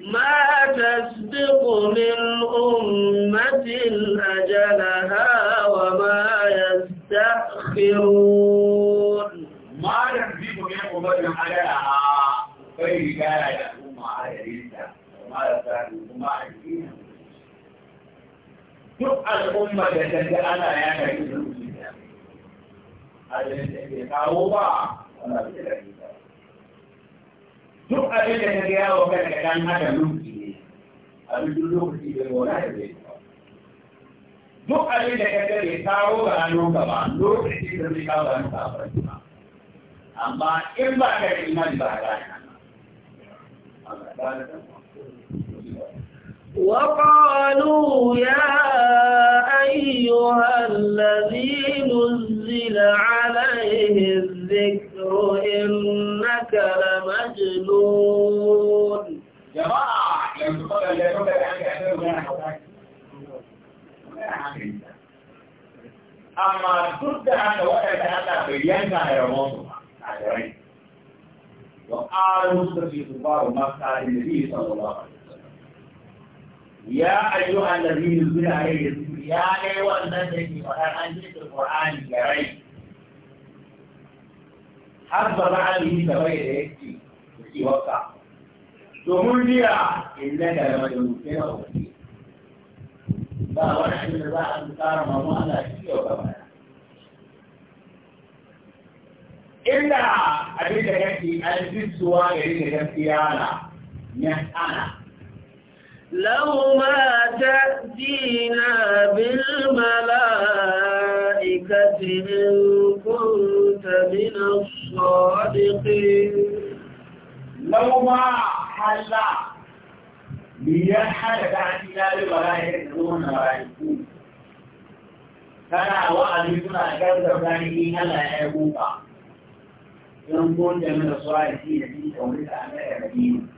ما تسبق من أمة أجلها وما يستأخرون ما تسبق من أمة أجلها فإذا كانت أمة وما يستأخرون duk al'umma da ta ga ana ya duk abin da ka ga yawo kan da kan hada lokaci ne abin duk lokaci da wala da zai duk abin da ka ga bai kawo ga hannu gaba lokaci da zai kawo ga hannu gaba amma in ba ka da imani ba ka gane Allah ta da وقالوا يا أيها الذي نزل عليه الذكر إنك لمجنون جماعة أما ترد هذا وقت هذا بيان كان رمضان وقالوا مستفيد بارو مكتاري النبي صلى الله عليه وسلم يا أيها الذين نزل عليه الذكر يا أيها الذين أنزل القرآن يا ريت حرب بعضه سوية يكفي في وقع تقول لي إنك لما يمكنه وكيل ba wani abin da za a tsara mamu ana shi yau gaba inda abin da yake an jisuwa لو ما تأتينا بالملائكة إن كنت من الصادقين لو ما حل ليحل تأتينا بالملائكة من ترى وأنتم أكثر من إنها لا يبقى إن كنت من الصادقين في توليد أمريكا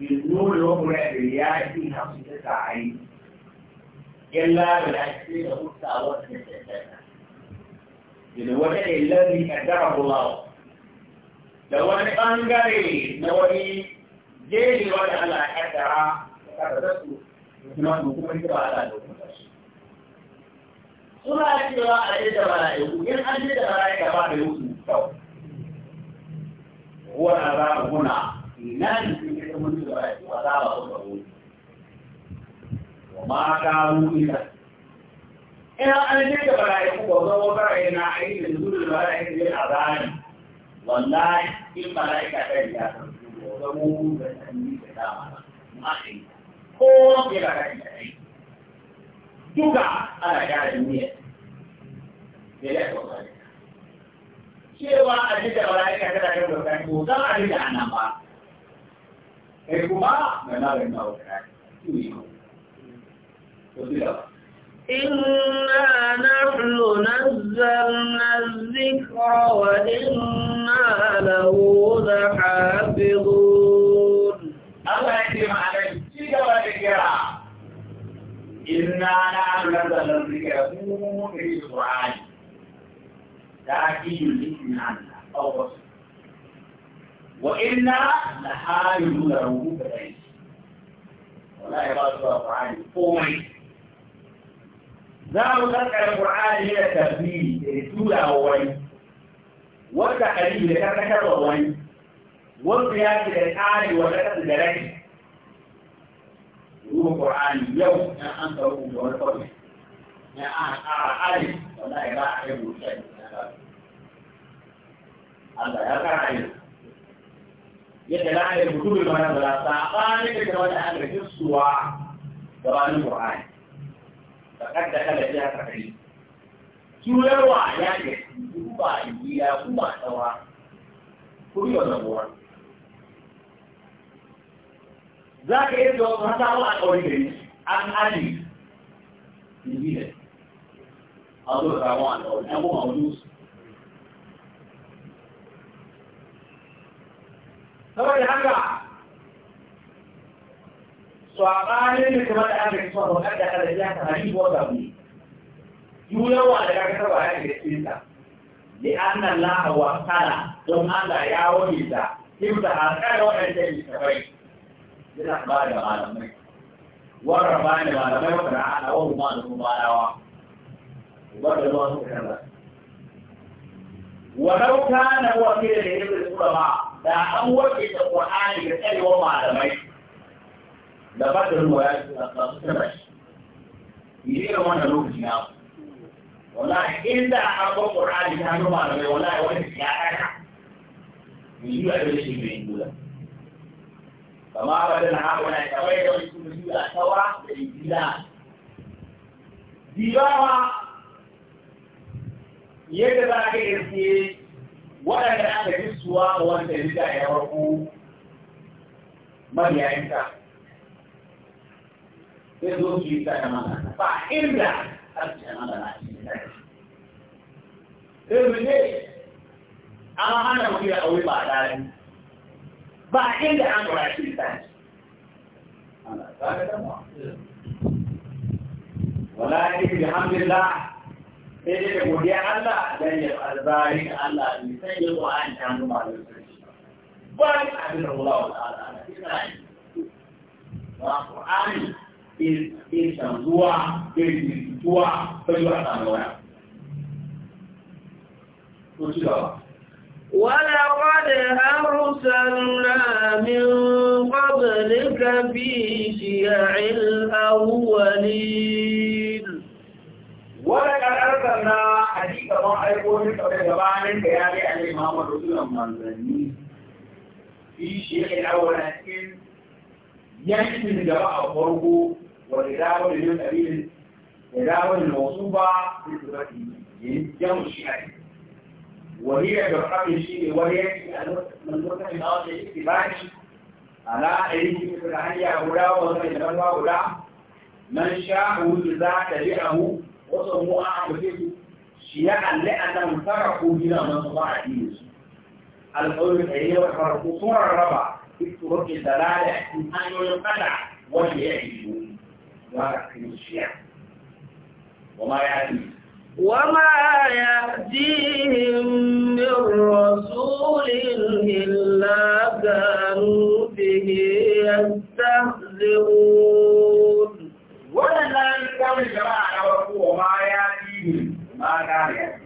بالنور وقرع بالياء في خمس تسع عين إلا بالعكسين أخذت أول تسعتنا للوجه الذي قدره الله لو أن كان قريب نوري جيل ولا على حتى فقدرته وكما نقوم بكبه على suna cewa a yi da mala'iku in an yi da mala'ika ba da yusuf kyau wani za a guna nan sun mutu da bai wa za a suka mutu wa ma ka ruɗina ina an je da barayi ku ba zama barayi na aiki da zuwa da barayi da a zani wallahi in barayi ka kai ya san su ba zama mu da sanyi da dama ma aiki ko ke da kai da aiki duka ana gyara duniya da ya kawo cewa a ji da barayi ka kai da kai ko zama a ji da annan ba E kuma na narin na wata إنا نحن نزلنا الذكر وإنا له لحافظون الله يجمع عليك سيدة وذكرى إنا نحن نزلنا الذكر مو في القرآن تأكيد الذكر عنا أو رسول وإنا لحاملون له كذلك والله ما أقرأ القرآن قومي ذاو ترك القرآن هي تبديل تولى أولي والتحليل لكذا كذا أولي والقياس للآل وكذا لذلك يقول القرآن يوم أن أنت رؤوم والقرآن يا أهل أعلم والله لا أعلم شيء الله يا أعلم yadda na hanyar mutum da mana bala saɓanin da wanda an rikin suwa gabanin Qur'ani fakar da kala ya kakari juyarwa ya ke duba ya kuma tsawa kuriyo da buwa za ka yi da wasu hata wa a kawai gari an ali ne a zuwa samu a kawai an kuma a wajen su saboda haka saɓanin da kuma da aka kisa wakar da kada ya ta hari ko da mu yulawa da kaka saba ya ke cikin ta li anna allaha wa ta'ala don Allah ya wani ta kimta alƙar wannan da yake kai yana ba da malamai warra ba da malamai wa ta'ala wa ma da kuma rawa ba da ba su kaza ولو كان هو كده لابن العلماء da an warke da Qur'ani da tsarewar malamai da ba da ruwa ya su taba shi irin wannan lokaci na wallahi inda an bar Qur'ani ta hannun malamai wallahi wani ya ɗaka yi a da shi mai dula kama ba da na hawa na kawai da wani kuma shi a tawa da injila dibawa yadda za ka irke waɗanda aka ji suwa ga wanda ya rida ya warko mariyayinka sai zo su yi tsada mana ba inda a cikin mana na cikin tsada sai mu ne amma ana mutu ya aure ba a dare ba inda an kura shi tsada ana tsada da mu wala ne bi hamdulillah sai dai da godiya Allah dan ya albarin Allah ne sai ya zo an ta mu ba ba ni abin da Allah wa ta'ala wa Qur'ani in in zuwa in zuwa sai ya samu wani to ci gaba ولقد أرسلنا من قبلك في شيع الأولين ولقد أرسلنا حديثا ما أيقون فبجبان كيالي عن الإمام الرسول المنزلي في شيخ الأول أسكن يحكي يعني من جماعة فرقه والإدارة من سبيل الإدارة الموصوبة في صفته يمشي عليه وهي بالرقم الشيء وهي من المرتب من أرض الاتباعي على أيدي في الحياة هؤلاء وغير الله هؤلاء من شاء وجزاء تبعه wasu mu a amurke shi ya kalli a nan farko gina masu ba a dini su alƙawarin da ya yi farko sun rarraba ita rufe dalala a cikin hanyoyin fada wanda ya yi su ba a kan shiya wama ya yi وما يأتيهم من رسول إلا كانوا به يستهزئون waɗannan kawai jama'a na farko ma ya fi ma gane ya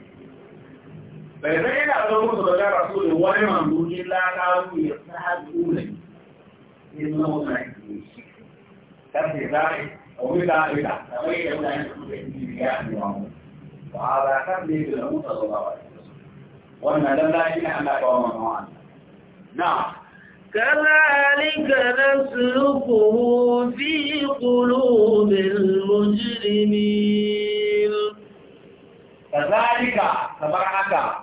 bai zai yana zo musu da gara so da wani mamuni lakawu ya sa dole ya zama wani ake shi karfe zai a wuri da abin da kamar yadda mutane su da yi biya a newa mu ba za ka ne da mutu zo ba wannan dan lafiya Allah ba wa mawa na كذلك نسلكه في قلوب المجرمين كذلك تبرعك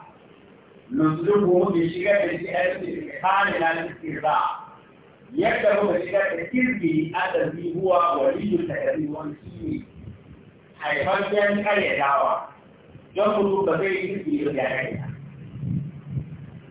نسلكه في شكاة الاستحسان إلى الاستخدام يكتب في شكاة الكذب الذي هو ولي التكذيب والسيء حيث كان كاليداوة يقول بكي كذب يرجع إليها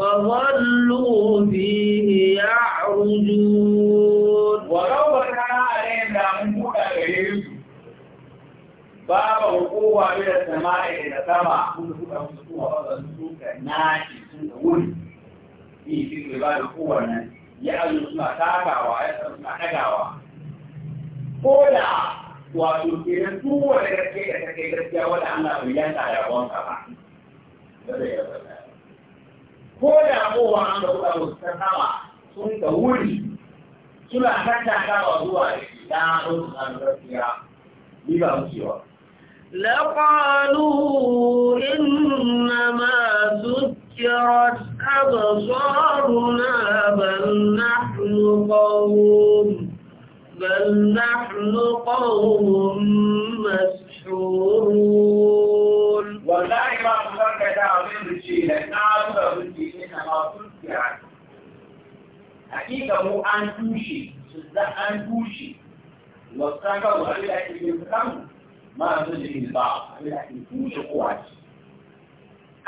فظلوا فيه يعرجون ولو كان عليهم لهم كريم باب السماء الى السماء ولكن يجب ان يكون هناك افضل من اجل ان يكون هناك افضل من اجل ان يكون هناك افضل من اجل ان يكون هناك افضل من اجل ان يكون هناك افضل من اجل ان يكون هناك افضل من اجل ان يكون هناك افضل من اجل ان يكون هناك افضل من اجل ان يكون هناك افضل من اجل ان ان يكون هناك افضل من اجل ان ان يكون هناك افضل من اجل ان ان يكون هناك افضل من اجل ان ان يكون هناك افضل من اجل ان ان يكون هناك افضل من اجل ان ان يكون هناك افضل من اجل ان ان يكون هناك افضل من ko da kowa an da kuka rubuta sama sun ga wuri suna tattakawa zuwa da rubuta an gaskiya ni ba mu cewa لقالوا إنما سكرت أبصارنا بل نحن قوم بل نحن قوم مسحورون wallahi ba mu barka da abin da ce da na zuwa abin da na masu kira hakika mu an tushe su za an tushe wasu kan kawo abin da ake yin kan ma su ne ba abin da ake tushe kowa ce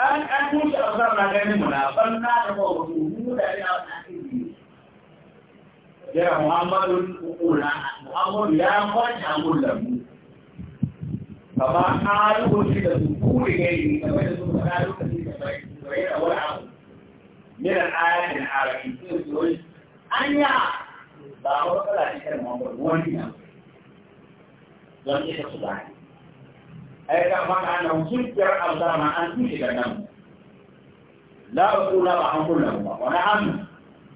an an tushe a zan na ganin mu na ban na da ba wasu mu da ina wani ake yi jira muhammadu ƙura muhammadu ya kwanci a mullar mu فما حاله عند دخول غيره كما يدخل حاله كثيرا والعمل من الآية العربية يقول أن يا بعض لا تكلم عن وليا لم يشخص عنه أي كما أنه سكر أمثال ما أن تشك النوم لا أقول لا عن كلهما ونعم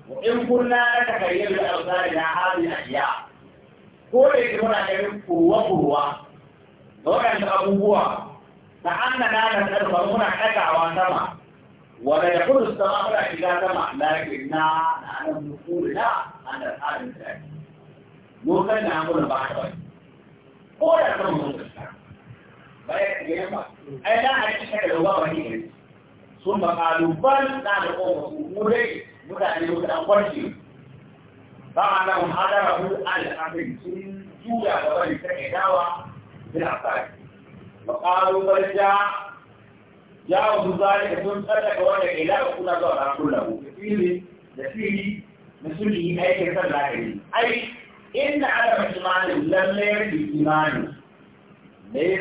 وإن كنا نتخيل الأمثال إلى هذه الأشياء كل يجب أن يكون قوة قوة waɗanda abubuwa ta anna na da karfa muna ɗagawa sama wala ya kudu sama muna shiga sama lakin na na nan nukuri na an da tsarin tsari lokacin da an gudu ba ta wani ko da kan mutum ba ya tsaye ba ai da a cikin da ruwa wani ne sun ba kaluban na da kowa mu dai mutane muka dan kwarce ba a nan hadara mu al-afrin sun juya gaba da take dawa بن عباس وقالوا قد جاء جاءه ذلك ثم صدق وانا الى كنا ذا كله كثير كثير مسؤولي اي كثر لاهي اي ان عدم الايمان لم يرد الايمان ليس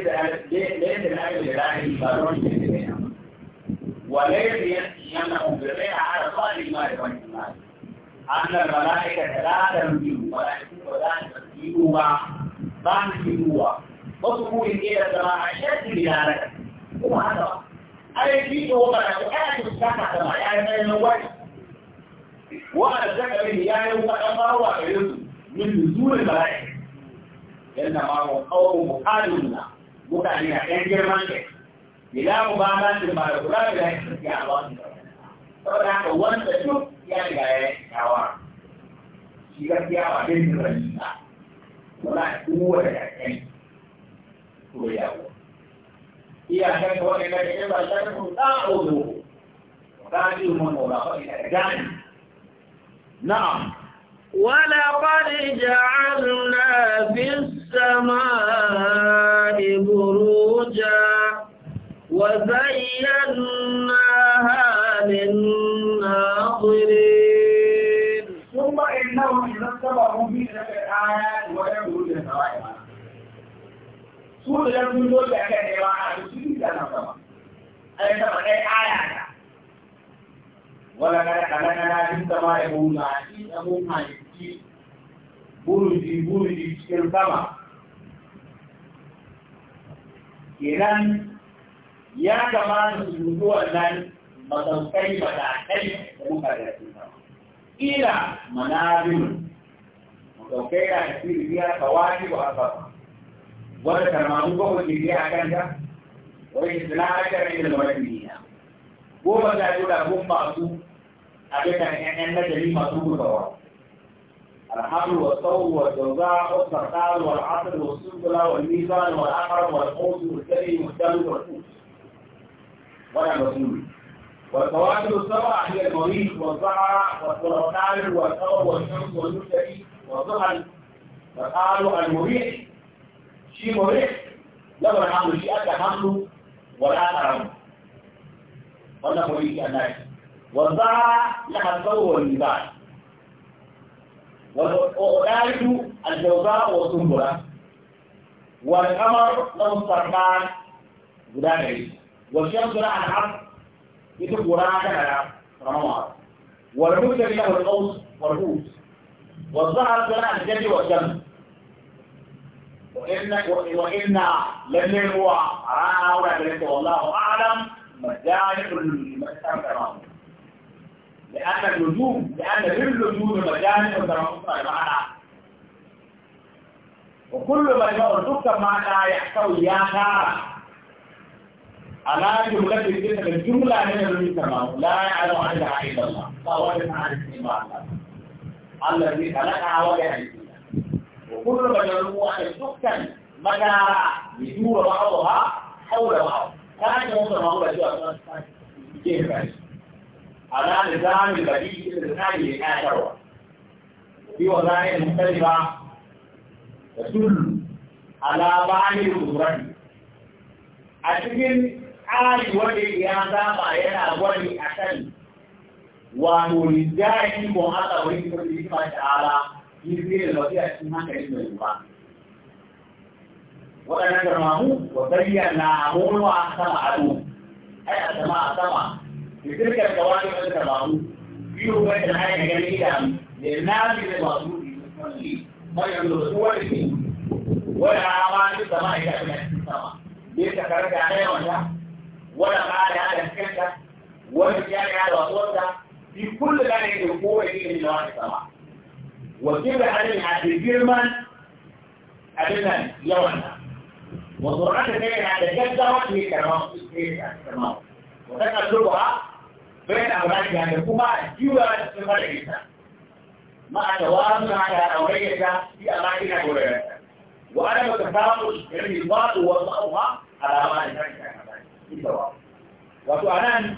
ليس الاهل لاهي بارون وليس يمنعهم بالريح على صالح ما يكون الايمان أن الملائكة لا تنبيه ولا يكون ولا تنبيه بعد وصول إلى الزراعة ديارك وهذا أي شيء هو أنا أستحق ما يعني انا الوجه وأنا أستحق به يعني وأنا من نزول الملائكة لأن هو قوم مخالفنا متعلنا كان جرمانك بلا مبالاة لما يقول لا يستطيع الله فلا وانت شوف يا جاي شاور شيء كثير ما بين koyawa iyakan gani na'am ولقد جعلنا في السماء بروجا وزيناها للناظرين ثم إنهم إذا اتبعوا في الآيات ولم سوائها su da sun zo da kan yawa a cikin sana sama ai ta ba kai aya ta wala kada kana na jin sama ya buna shi abun hanci buruji buruji cikin sama kenan ya kamata su zuwa wannan masaukai matakai da muka da su sama ila manazil masaukai da su biya kawai wa asaba wadda karmanu bakwai digiri a kanta wani isla'a kare da wani duniya goma ta yi da gun masu a dukkan ƴan الحبل والثوب والجوزاء والسرقال والعسل والسنبلة والميزان والعقرب والقوس والسري والثلج والفوس ولا مسلول والفواكه السبعة هي المريض والزعر والسرقال والثور والشمس والمشتري والزحل فقالوا المريح شيء مريح لو الحمل شيء أتى ولا أرم ولا مريح الناس والضاع لها والنباع والأرض الجوزاء والسنبلة والقمر له السرطان غداري والشمس لها الحق يترك وراءها رمضان والمكتب له القوس والقوس والظهر لها الجد والشمس وإن وإن يروى هو رأى وليس والله أعلم مجال المسافر لأن النجوم لأن للنجوم مجال مترابطة وكل ما يرزقك معنا يحتوي يا نار على جملة الجسم الجملة من السماء لا يعلم عنها إلا الله فهو الله الذي خلقها وكل مجموعة تسكن مدى يدور بعضها حول بعض كان يوصل معقولة جوا كيف على نظام البديل الثاني للآخر في وظائف مختلفة تدل على بعض الأمور أتكلم tsari wanda ya saba yana gwani a kan wato rijiyar ko haka wani يجري الوضيع اسمها كلمة أي أسماء أسماء لتلك الكواكب أنت كرمه فيه بيت الحياة جميلة للناس اللي مصروف ما يعملوا سوى ولا أعمال في في السماء ليس كرك عليه ولا ولا قال هذا الكنت ولا جاء هذا صوته في كل ذلك القوة هي من نواحي السماء وكيف عدد عدد جيرمان عددنا يوانا الثانية على عدد جدا وكي كرمان وكان أسلوبها بين يعني لكما جيوة تسمى لكيسا ما أتواهم على أوليتها في أماكن أوليتها وأنا متفاوض بين الضغط ووضعها على أماكن أوليتها وأنا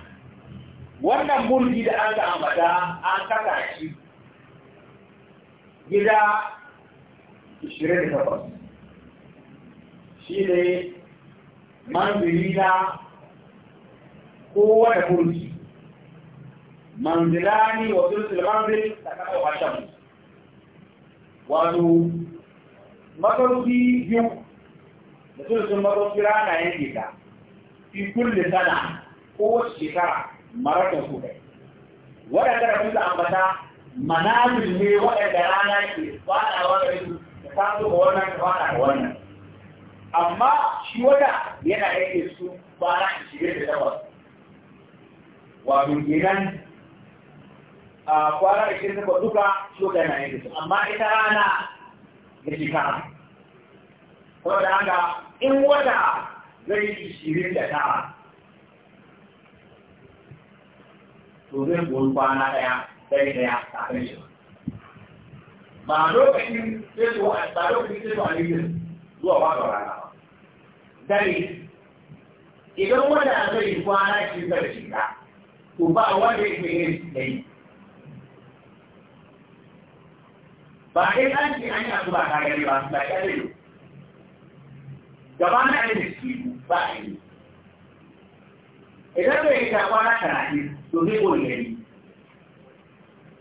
wannan mulki da an ga ambata an kasa shi gida 28 shi ne manzili na kowane kurji manzilani wa sulsul manzil da kasa wa wato makarfi biyu da sulsul makarfi rana ke ta fi kulle sana kowace shekara maraton su kai waɗanda da kusa ambata manazin ne waɗanda rana ke faɗa waɗanda da ta zo ga wannan ta faɗa ga wannan amma shi wata yana yake su bara ishirin da takwas wato kenan a kwana ishirin da takwas duka shi wata yana yake su amma ita rana da shi kama saboda haka in wata zai ishirin da tara to zai goyi kwana ɗaya sai da ya tafi shi ba lokacin sai ba lokacin sai wani yin zuwa ba da rana dare idan wanda zai kwana shi zai shiga to ba wanda yake yin sai ba dai an ce an yi abu ba ta gari ba ba ya zai gaba na ainihin shi ba a yi idan bai yi ta kwana talatin to zai kone gari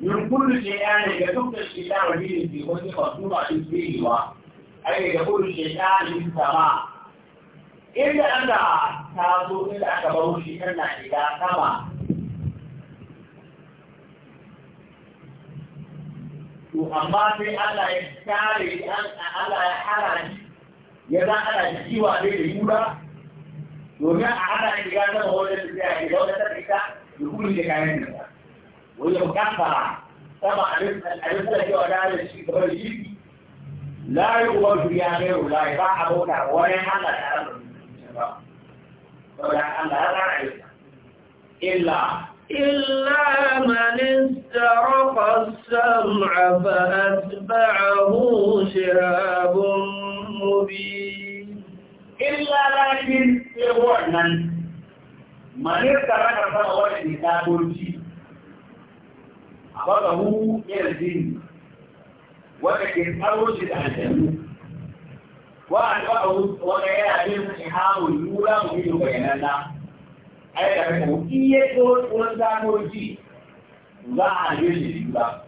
من كل شيطان يدق الشيطان به في وجه خطوبة فيه أي يقول الشيطان من سماء إلا أن تاسو إلا أكبر شيطان إلى سماء وأما في ألا يستعري أن ألا يحرج يدا ألا يجيوى بالجولة وما أعلى إن كان هو الذي يقول لك أنا وهي مكفرة طبعا الرسالة دي ولا الشيء غير لا يقبل في غيره لا يباع أبونا ولا حدا تعرف ولا أن إلا إلا من استرق السمع فأتبعه شراب مبين إلا لكن يقول من من استرق السمع فأتبعه شراب مبين أخذه من الدين ولكن أرش الأجل وأنبأه وغير من إحام الأولى ومنه بيننا أي أنه إيه دول ونزا نوجي za a yi shi juna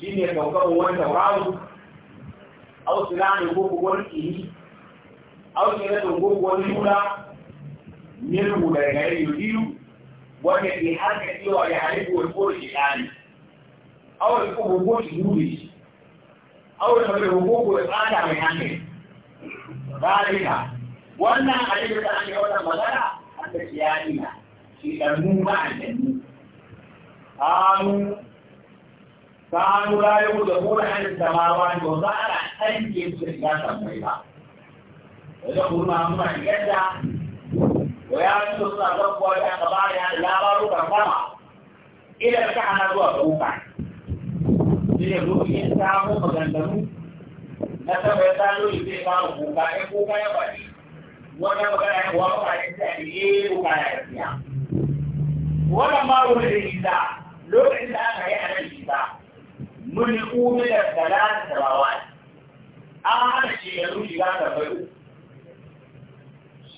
shi ne kaukar wani tauraro au sila ne gogo wani kiri au sila ne gogo wanda ke harka cewa ya haribu wani kore shi ɗani awon ko hukuku shi duri shi awon ko hukuku ya tsada mai hankali zalika wannan haribu da ake wata magana an da shi ya nuna shi ɗanmu ba a ɗanmu kanu kanu rayu da kuma an samawa ne ba za a ɗanke su da gasa mai ba da kuma muna yadda ويعمل صنع ذلك ويعمل ضعيا لا غير كفرة إلى كان هو كوكا إلى روحي إنسان مغنم نسب يتعلو يبقى كوكا كوكا يبقى وانا مغنم وقع إنسان إيه كوكا يبقى وانا ما روح الإنسان لو إنسان هيعمل الإنسان من يقوم إلى ثلاث سنوات أنا أنا شيء يروح يبقى كفرة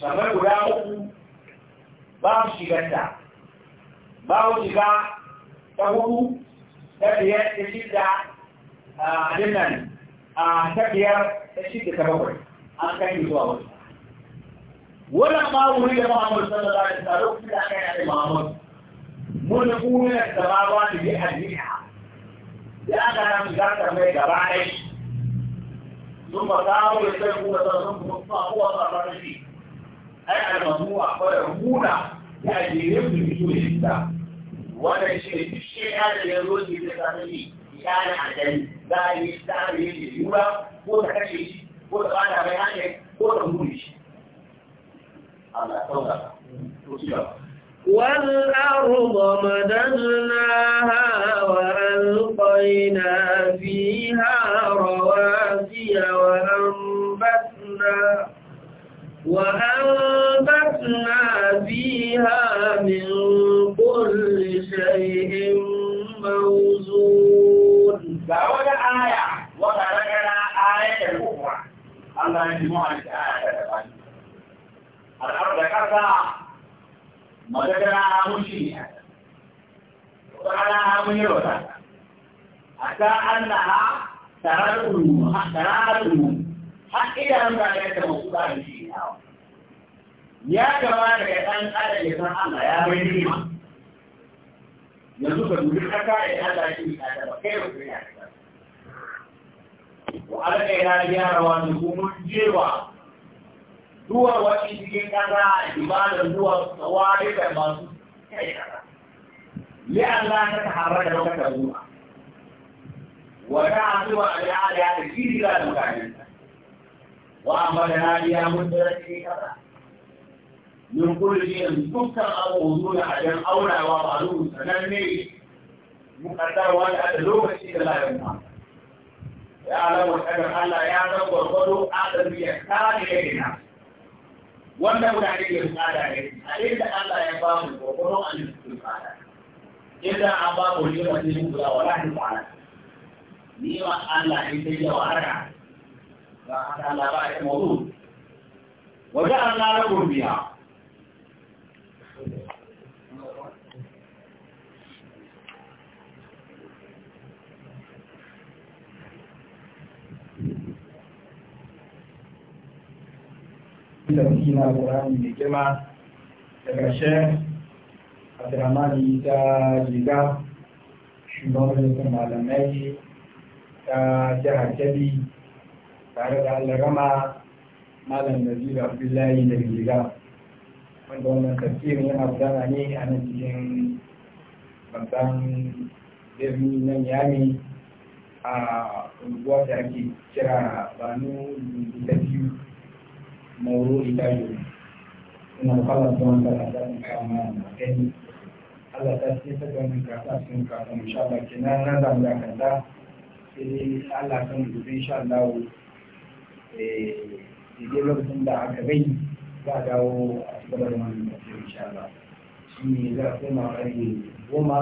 سمع ولا أقول babu shigarta babu shiga ta hudu ta biyar ta shida a dinnan a ta biyar ta shida ta bakwai an kai yi zuwa wasu wannan ma wuri da Muhammadu sallallahu alaihi wasallam lokacin da aka yi da Muhammadu mun da kuma da sabawa da bi addiniha da aka nan ga ta mai gaba dai sun ba ta wuri sai kuma sun kuma kuma kuma ba ta shi ai al-mazmu'a wa al-muna ya jere su fito da ita wannan shi ne duk shi ya da ya zo ne da sami ya da ajali za a yi ta da ya yi yura ko ta kashe shi ko ta bada mai hanyar ko ta muri shi Allah sauka to shi والأرض مددناها وألقينا فيها رواسي وأنبتنا وأنبتنا آية وتركنا آية الأخرى الله يجمع الآية الأرض كذا مددنا مشيئة وتركنا منيرة حتى أنها ترى العلوم ترى العلوم حتى إذا لم تكن موصولة بشيئة يا جماعة كأن هذا الإنسان الله يا بني yanzu ka dubi kaka ya Allah ya yi ta ba kai ba kai ya alaka yana gyarawa da kuma jewa duwar wani cikin kasa ibadar duwar tsawari da masu kai kasa li Allah ta taharra da maka zuwa wa ta azuwa al'ada da kirira da mutane wa amma da nadiya mun da cikin kasa min kulli yin dukkan abubuwa da ajan aurawa ba zuwa sananne mukaddar wani a da lokaci da lafiyar يعلم القدر الله يعلم والقدر آدم يختار إلينا wannan wurare da tsada ne a inda Allah ya ba mu kokoro an yi tsada inda an ba mu yi wani yin guda wala ni tsada ni ma Allah in dai da wara ba hada Allah ba ya mu waja'alna lakum biha darasi na alƙur'ani mai girma daga shek abdulrahmani ta riga shugaban malamai ta jihar kebbi tare da allarama malam naziru abdullahi da riga wanda wannan tafsirin yana gudana ne a nan cikin babban birni na yami a unguwa da ake kira banu da biyu mawuru itayu ina kala tsohon da ta ɗin kama na gani Allah ta ce ta gani kasa sun kasa mu sha baki na na zamu da kanta sai Allah kan gobe sha Allah eh dai lokacin da aka bai za a dawo a cikin da wannan tafiyar insha Allah shi ne za a koma ƙarfe goma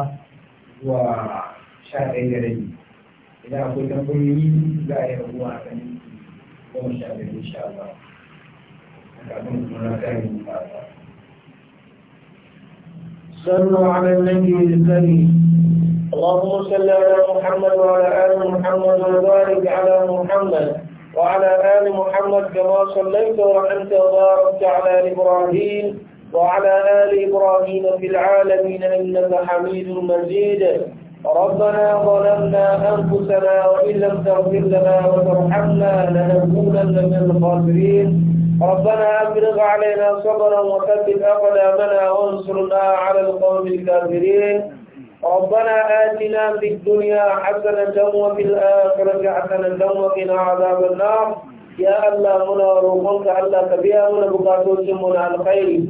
zuwa sha ɗaya da rabi idan akwai tambayoyi za a yi rabuwa a kan goma sha ɗaya insha Allah صلوا على النبي الكريم اللهم صل على محمد وعلى ال محمد وبارك على محمد وعلى ال محمد كما صليت ورحمت وباركت على ابراهيم وعلى ال ابراهيم في العالمين انك حميد مجيد ربنا ظلمنا انفسنا وان لم تغفر لنا وترحمنا لنكونن من الخاسرين ربنا أفرغ علينا صبرا وثبت أقدامنا وانصرنا على القوم الكافرين ربنا آتنا في الدنيا حسنة وفي الآخرة حسنة وقنا عذاب النار يا الله منا روحك الله كبيا منا بقاتوس منا الخير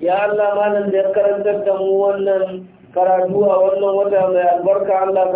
يا الله ما نذكر أنت تمونا كراجوا a wannan من mai albarka Allah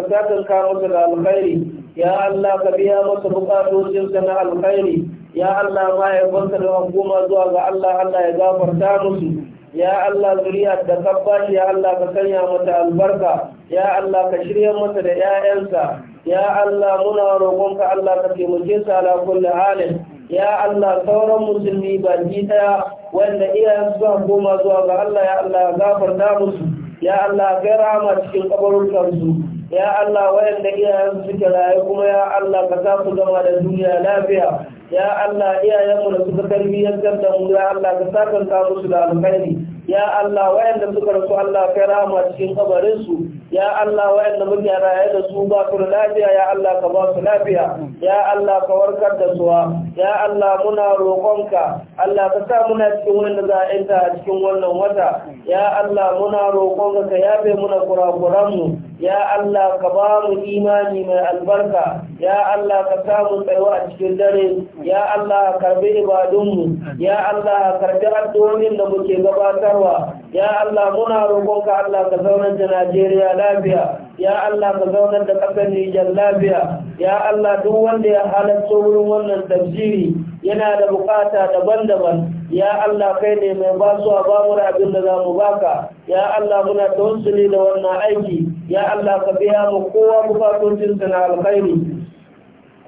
ka الخير يا الله alkhairi ya Allah ka الخير ya Allah ma ya banka da goma zuwa ga Allah Allah ya gafarta musu ya Allah zuriyar da ka ya Allah ka sanya mata albarka ya Allah ka shirya mata da 'ya'yansa ya Allah muna ka Allah ka taimake su ala kulli halin ya Allah sauran musulmi ji daya wanda iyayen su goma zuwa ga Allah ya Allah gafarta musu ya Allah kai rahama cikin kabarukansu ya Allah wayanda iyayen suke raye kuma ya Allah ka za su gama da duniya lafiya ya Allah iyayenmu da suka tarbiyyantar da mu ya Allah ka sakanta musu da alkhairi ya Allah wayanda suka rasu Allah kai rahama cikin kabarin su ya Allah wa'anda muke raye da su ba su lafiya ya Allah ka ba su lafiya ya Allah ka warkar da suwa. ya Allah muna roƙonka Allah ka sa muna cikin wanda za a a cikin wannan wata ya Allah muna roƙonka ka yafe muna kurakuranmu ya Allah ka ba mu imani mai albarka ya Allah ka mu tsayuwa a cikin dare ya Allah karbi ibadunmu ya Allah karbi addu'o'in da muke gabatarwa ya Allah muna roƙonka Allah ka zaunar da Najeriya lafiya ya Allah ka zaunar da ƙasar Nijar lafiya ya Allah duk wanda ya halarci wurin wannan tafsiri yana da bukata daban-daban ya Allah kai ne mai basuwa ba mu da abin da za mu baka ya Allah muna tawassuli da wannan aiki ya Allah ka biya mu kowa bukatuncinsa na alkhairi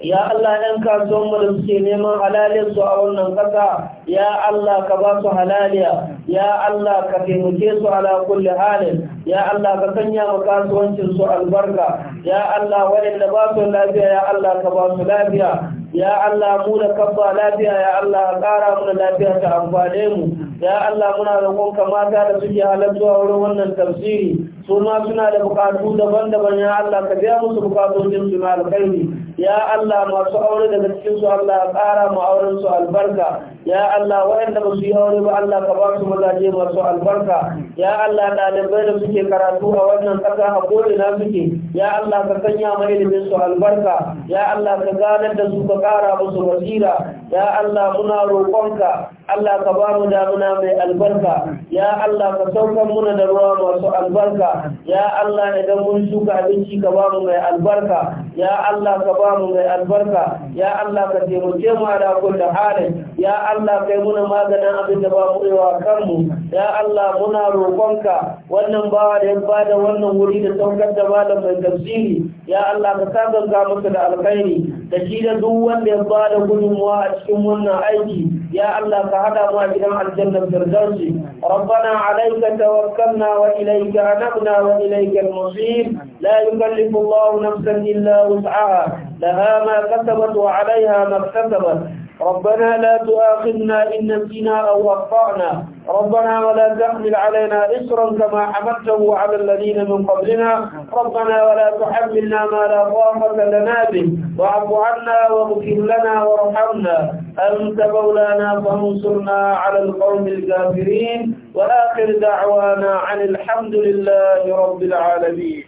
ya Allah ɗan kasuwanmu da suke neman halalinsu a wannan ƙasa ya Allah ka ba su halaliya ya Allah ka taimake su ala kulli halin ya Allah ka sanya wa kasuwancin su albarka ya Allah waɗanda ba su lafiya ya Allah ka ba su lafiya ya Allah mu da kabba lafiya ya Allah ka ƙara mu da lafiya ta amfane mu ya Allah muna ka mata da suke zuwa wurin wannan tafsiri su ma suna da bukatu daban-daban ya Allah ka biya musu bukatocin su na alƙairi ya Allah masu aure daga cikin su Allah ƙara mu auren su albarka ya Allah waɗanda ba su yi aure ba Allah ka ba su mazaje masu albarka ya Allah ɗalibai da suke karatu a wannan ƙasa a na suke ya Allah ka sanya ma ilimin su albarka ya Allah ka ganar da su ka ƙara musu basira ya Allah muna roƙonka Allah ka ba mu damuna mai albarka ya Allah ka saukan muna da ruwa masu albarka ya Allah idan mun shuka abinci ka ba mu mai albarka ya Allah ka ba mu mai albarka ya Allah ka taimake mu ala kulli halin ya Allah kai muna maganin abin da ba mu yi kanmu ya Allah muna roƙonka wannan bawa da ya bada wannan wuri da saukar da malam mai tafsiri ya Allah ka sa ganga musu da alkhairi da shi da duk wanda ya bada gudunmuwa a cikin wannan aiki ya Allah ka hada mu a gidan aljanna firdausi ربنا عليك توكلنا وإليك أنبنا وإليك المصير لا يكلف الله نفسا إلا وسعها لها ما كتبت وعليها ما اكتسبت ربنا لا تؤاخذنا إن نسينا أو أخطأنا ربنا ولا تحمل علينا إصرا كما حملته على الذين من قبلنا ربنا ولا تحملنا ما لا طاقة لنا به واعف عنا واغفر لنا وارحمنا أنت مولانا فانصرنا على القوم الكافرين وآخر دعوانا عن الحمد لله رب العالمين